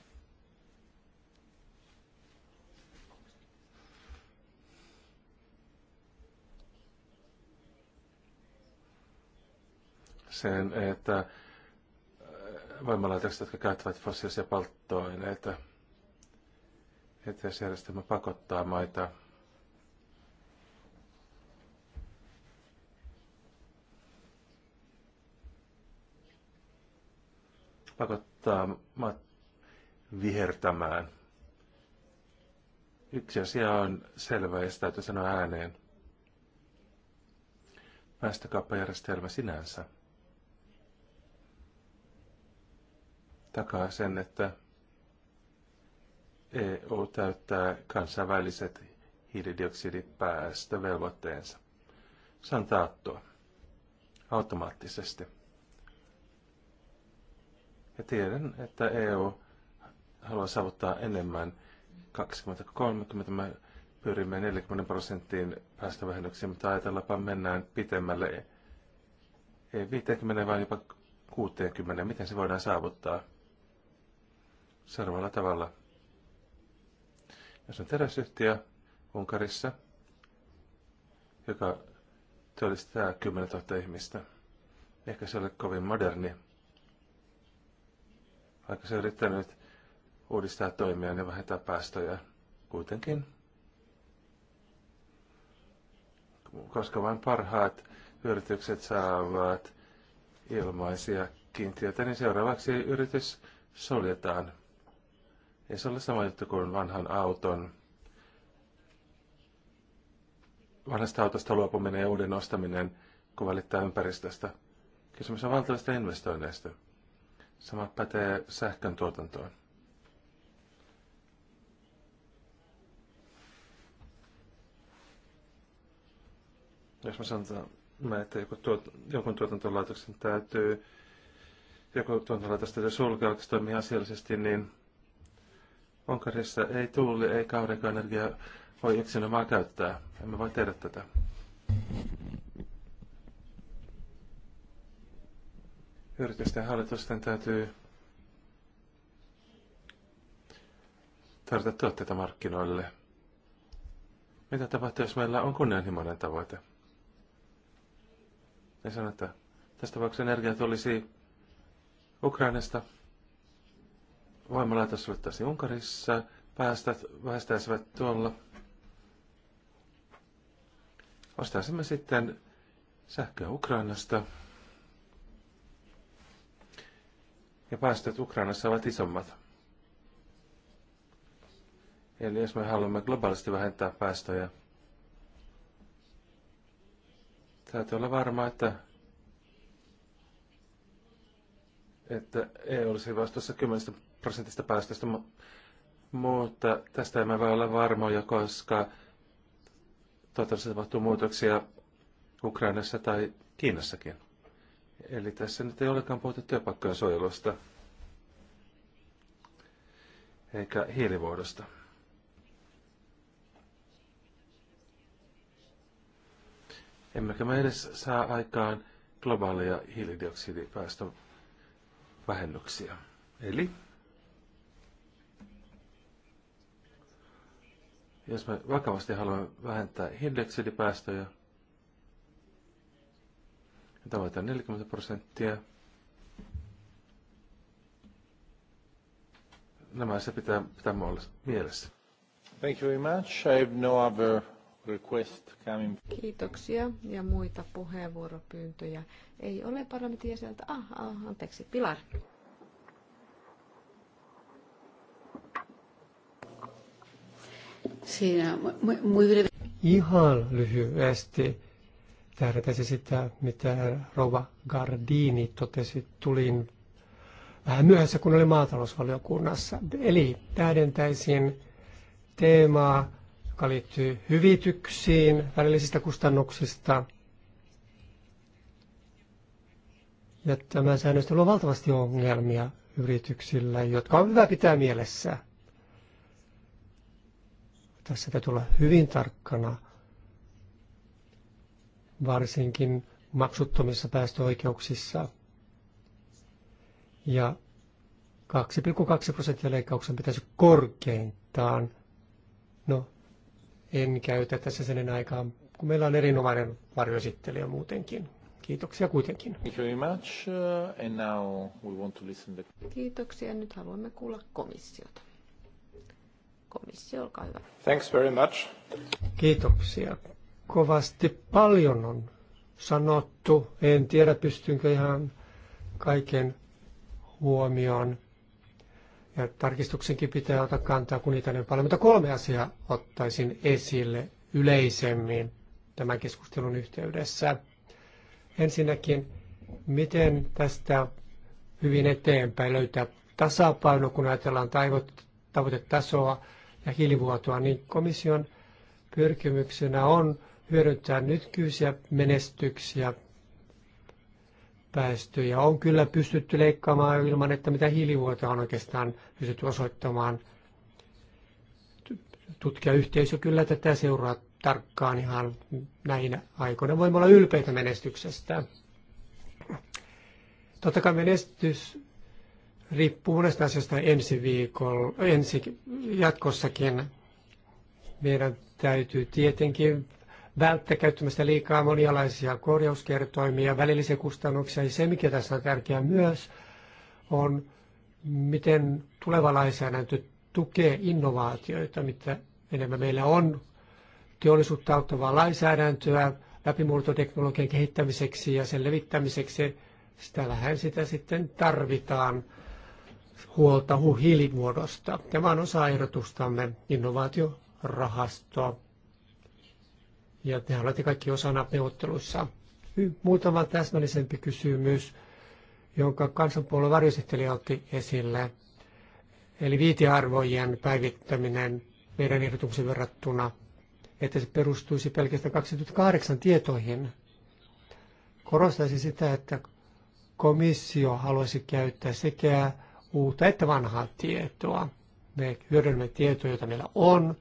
S1: sen, että voimalaitokset, jotka käyttävät fossiilisia polttoaineita. ETS-järjestelmä pakottaa maita pakottaa maat vihertämään. Yksi asia on selvä ja sitä täytyy sanoa ääneen. Päästökauppajärjestelmä sinänsä – takaa sen, että EU täyttää kansainväliset hiilidioksidipäästövelvoitteensa. Se on taattua automaattisesti. Ja tiedän, että EU haluaa saavuttaa enemmän 2030. Me pyrimme 40 prosenttiin päästövähennyksiin, mutta ajatellaanpa mennään pitemmälle. Ei 50 vaan jopa 60. Miten se voidaan saavuttaa? seuraavalla tavalla. Jos on teräsyhtiö Unkarissa, joka työllistää 10 000 ihmistä, niin ehkä se ole kovin moderni, vaikka se on yrittänyt uudistaa toimia ja niin vähentää päästöjä kuitenkin. Koska vain parhaat yritykset saavat ilmaisia kiintiöitä, niin seuraavaksi yritys suljetaan. Ei se ole sama juttu kuin vanhan auton. Vanhasta autosta luopuminen ja uuden ostaminen, kun välittää ympäristöstä. Kysymys on valtavista investoinneista. Sama pätee sähkön tuotantoon. Jos mä sanotaan, että joku tuot, jonkun tuotantolaitoksen täytyy, joku tuotantolaitos täytyy sulkea, toimii asiallisesti, niin Onkarissa ei tuuli, ei kaurinkoenergia voi yksinomaan käyttää. Emme voi tehdä tätä. Yritysten hallitusten täytyy tarjota tuotteita markkinoille. Mitä tapahtuu, jos meillä on kunnianhimoinen tavoite? Ne sanoo, että tässä energia tulisi Ukrainasta – voimalaitos suuntaisi Unkarissa, päästät, päästäisivät tuolla. Ostaisimme sitten sähköä Ukrainasta. Ja päästöt Ukrainassa ovat isommat. Eli jos me haluamme globaalisti vähentää päästöjä, täytyy olla varma, että, että ei olisi vastuussa 10 prosentista päästöstä, mutta tästä emme voi olla varmoja, koska toivottavasti tapahtuu muutoksia Ukrainassa tai Kiinassakin. Eli tässä nyt ei olekaan puhuttu työpaikkojen suojelusta eikä hiilivuodosta. Emmekä me edes saa aikaan globaaleja hiilidioksidipäästövähennyksiä. Eli Jos me vakavasti haluamme vähentää hiilidioksidipäästöjä, niin tavoite on 40 prosenttia. Nämä se pitää pitää mielessä. Thank you very much. I have no other request coming. Kiitoksia
S3: ja muita puheenvuoropyyntöjä. Ei ole parlamentin jäseneltä. Ah, ah, anteeksi, Pilar.
S4: Siinä muy breve.
S2: Ihan lyhyesti tähdätäsi sitä, mitä Rova Gardini totesi. Tulin vähän myöhässä, kun oli maatalousvaliokunnassa. Eli tähdentäisin teemaa, joka liittyy hyvityksiin, välillisistä kustannuksista. Ja tämä säännöstely on valtavasti ongelmia yrityksillä, jotka on hyvä pitää mielessä – tässä täytyy olla hyvin tarkkana, varsinkin maksuttomissa päästöoikeuksissa. Ja 2,2 prosenttia leikkauksen pitäisi korkeintaan. No, en käytä tässä sen aikaa, kun meillä on erinomainen varjoesittelijä muutenkin. Kiitoksia kuitenkin. Thank you very much. Uh, and now we want to listen
S3: Kiitoksia. Nyt haluamme kuulla
S2: komissiota. Komissio, olkaa hyvä. Thanks very much. Kiitoksia. Kovasti paljon on sanottu. En tiedä, pystynkö ihan kaiken huomioon. Ja tarkistuksenkin pitää ottaa kantaa, kun niitä on paljon. Mutta kolme asiaa ottaisin esille yleisemmin tämän keskustelun yhteydessä. Ensinnäkin, miten tästä hyvin eteenpäin löytää tasapaino, kun ajatellaan taivot, tavoitetasoa ja hiilivuotoa, niin komission pyrkimyksenä on hyödyntää nykyisiä menestyksiä päästöjä. On kyllä pystytty leikkaamaan ilman, että mitä hiilivuotoa on oikeastaan pystytty osoittamaan. Tutkijayhteisö kyllä tätä seuraa tarkkaan ihan näinä aikoina. Voimme olla ylpeitä menestyksestä. Totta kai menestys riippuu monesta asiasta ensi viikolla, ensi, jatkossakin. Meidän täytyy tietenkin välttää käyttämästä liikaa monialaisia korjauskertoimia, välillisiä kustannuksia. Ja se, mikä tässä on tärkeää myös, on miten tuleva lainsäädäntö tukee innovaatioita, mitä enemmän meillä on teollisuutta auttavaa lainsäädäntöä läpimurtoteknologian kehittämiseksi ja sen levittämiseksi. Sitä vähän sitä sitten tarvitaan huolta hiilivuodosta. Tämä on osa ehdotustamme innovaatiorahastoa. Ja te olette kaikki osana neuvotteluissa. Muutama täsmällisempi kysymys, jonka kansanpuolueen varjosihteeri otti esille. Eli viitearvojen päivittäminen meidän ehdotuksen verrattuna, että se perustuisi pelkästään 2008 tietoihin. Korostaisin sitä, että komissio haluaisi käyttää sekä uutta että vanhaa tietoa. Me hyödynnämme tietoa, jota meillä on,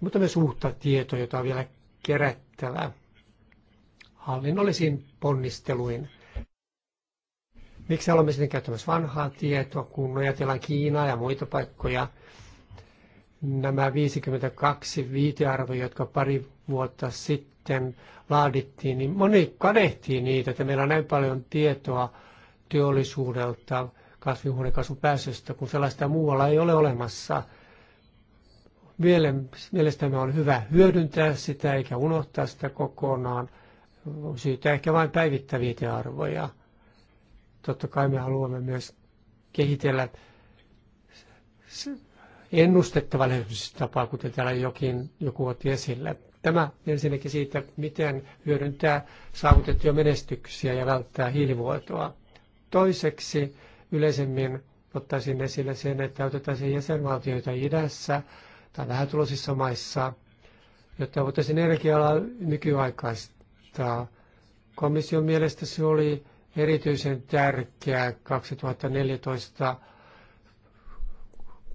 S2: mutta myös uutta tietoa, jota on vielä kerättävä hallinnollisiin ponnisteluin. Miksi olemme sitten käyttämässä vanhaa tietoa, kun ajatellaan Kiinaa ja muita paikkoja? Nämä 52 viitearvoja, jotka pari vuotta sitten laadittiin, niin moni kadehtii niitä, että meillä on näin paljon tietoa teollisuudelta, kasvihuonekaasupäästöstä, kun sellaista muualla ei ole olemassa. Mielestäni on hyvä hyödyntää sitä eikä unohtaa sitä kokonaan. Syytä ehkä vain päivittäviä arvoja, Totta kai me haluamme myös kehitellä ennustettava tapa, kuten täällä jokin, joku otti esille. Tämä ensinnäkin siitä, miten hyödyntää saavutettuja menestyksiä ja välttää hiilivuotoa. Toiseksi Yleisemmin ottaisin esille sen, että otettaisiin jäsenvaltioita idässä tai vähätuloisissa maissa, jotta voitaisiin energia-alaa nykyaikaistaa. Komission mielestä se oli erityisen tärkeää 2014,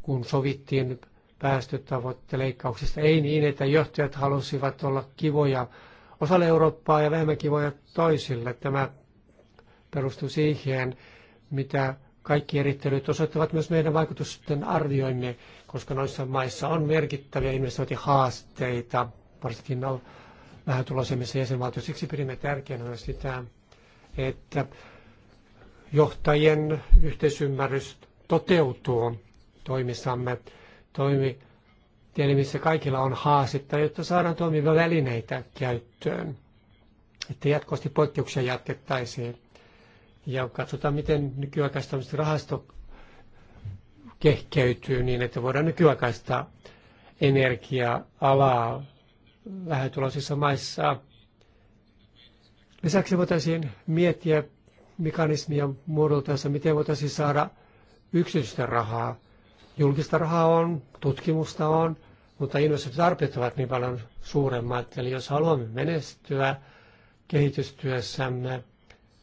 S2: kun sovittiin päästötavoitteen leikkauksista. Ei niin, että johtajat halusivat olla kivoja osalle Eurooppaa ja vähemmän kivoja toisille. Tämä perustuu siihen, mitä kaikki erittelyt osoittavat myös meidän vaikutusten arvioimme, koska noissa maissa on merkittäviä investointihaasteita, varsinkin tulosemmissa jäsenvaltioissa. Siksi pidimme tärkeänä myös sitä, että johtajien yhteisymmärrys toteutuu toimissamme toimi missä kaikilla on haastetta, jotta saadaan toimivia välineitä käyttöön, että jatkuvasti poikkeuksia jatkettaisiin. Ja katsotaan, miten nykyaikaistamista rahasto kehkeytyy niin, että voidaan nykyaikaista energia-alaa vähätuloisissa maissa. Lisäksi voitaisiin miettiä mekanismia muodoltaessa, miten voitaisiin saada yksityistä rahaa. Julkista rahaa on, tutkimusta on, mutta investointitarpeet ovat niin paljon suuremmat. Eli jos haluamme menestyä kehitystyössämme,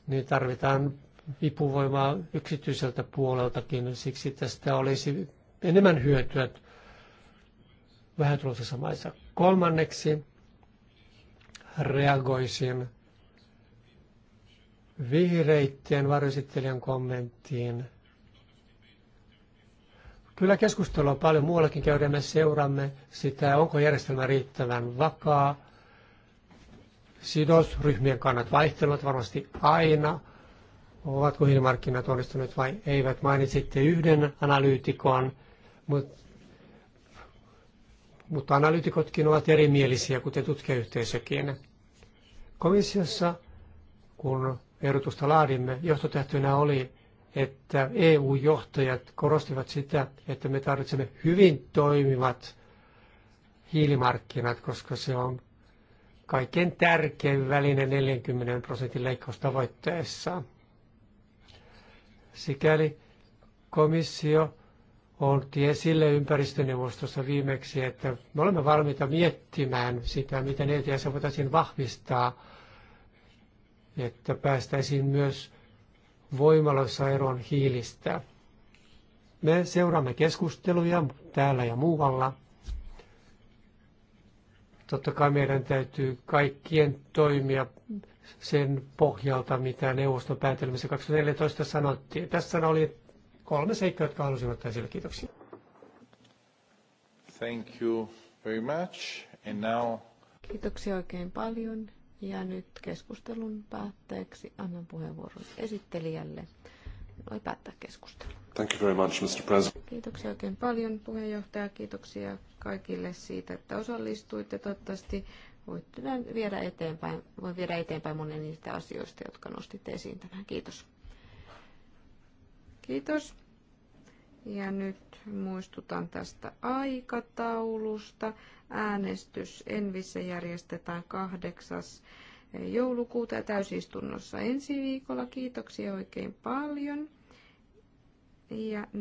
S2: niin tarvitaan vipuvoimaa yksityiseltä puoleltakin. Siksi tästä olisi enemmän hyötyä tulossa maissa. Kolmanneksi reagoisin vihreitten varjoesittelijän kommenttiin. Kyllä keskustelua paljon muuallakin käydään. Me seuraamme sitä, onko järjestelmä riittävän vakaa, sidosryhmien kannat vaihtelevat varmasti aina. Ovatko hiilimarkkinat onnistuneet vai eivät? Mainitsitte yhden analyytikon, mutta, mutta analyytikotkin ovat erimielisiä, kuten tutkijayhteisökin. Komissiossa, kun ehdotusta laadimme, johtotähtönä oli, että EU-johtajat korostivat sitä, että me tarvitsemme hyvin toimivat hiilimarkkinat, koska se on kaikkein tärkein väline 40 prosentin leikkaustavoitteessa. Sikäli komissio on esille ympäristöneuvostossa viimeksi, että me olemme valmiita miettimään sitä, miten ETS voitaisiin vahvistaa, että päästäisiin myös voimaloissa eroon hiilistä. Me seuraamme keskusteluja täällä ja muualla Totta kai meidän täytyy kaikkien toimia sen pohjalta, mitä neuvoston päätelmässä 2014 sanottiin. Tässä oli kolme seikkaa, jotka halusin ottaa esille. Kiitoksia.
S1: Thank you
S2: very much. And now...
S3: Kiitoksia oikein paljon. Ja nyt keskustelun päätteeksi annan puheenvuoron esittelijälle. Voi päättää keskustelun.
S1: Thank you very much, Mr. President.
S3: Kiitoksia oikein paljon puheenjohtaja. Kiitoksia kaikille siitä, että osallistuitte. Toivottavasti voitte viedä eteenpäin, voin viedä eteenpäin monen niistä asioista, jotka nostitte esiin tänään. Kiitos. Kiitos. Ja nyt muistutan tästä aikataulusta. Äänestys Envissä järjestetään 8. joulukuuta täysistunnossa ensi viikolla. Kiitoksia oikein paljon ja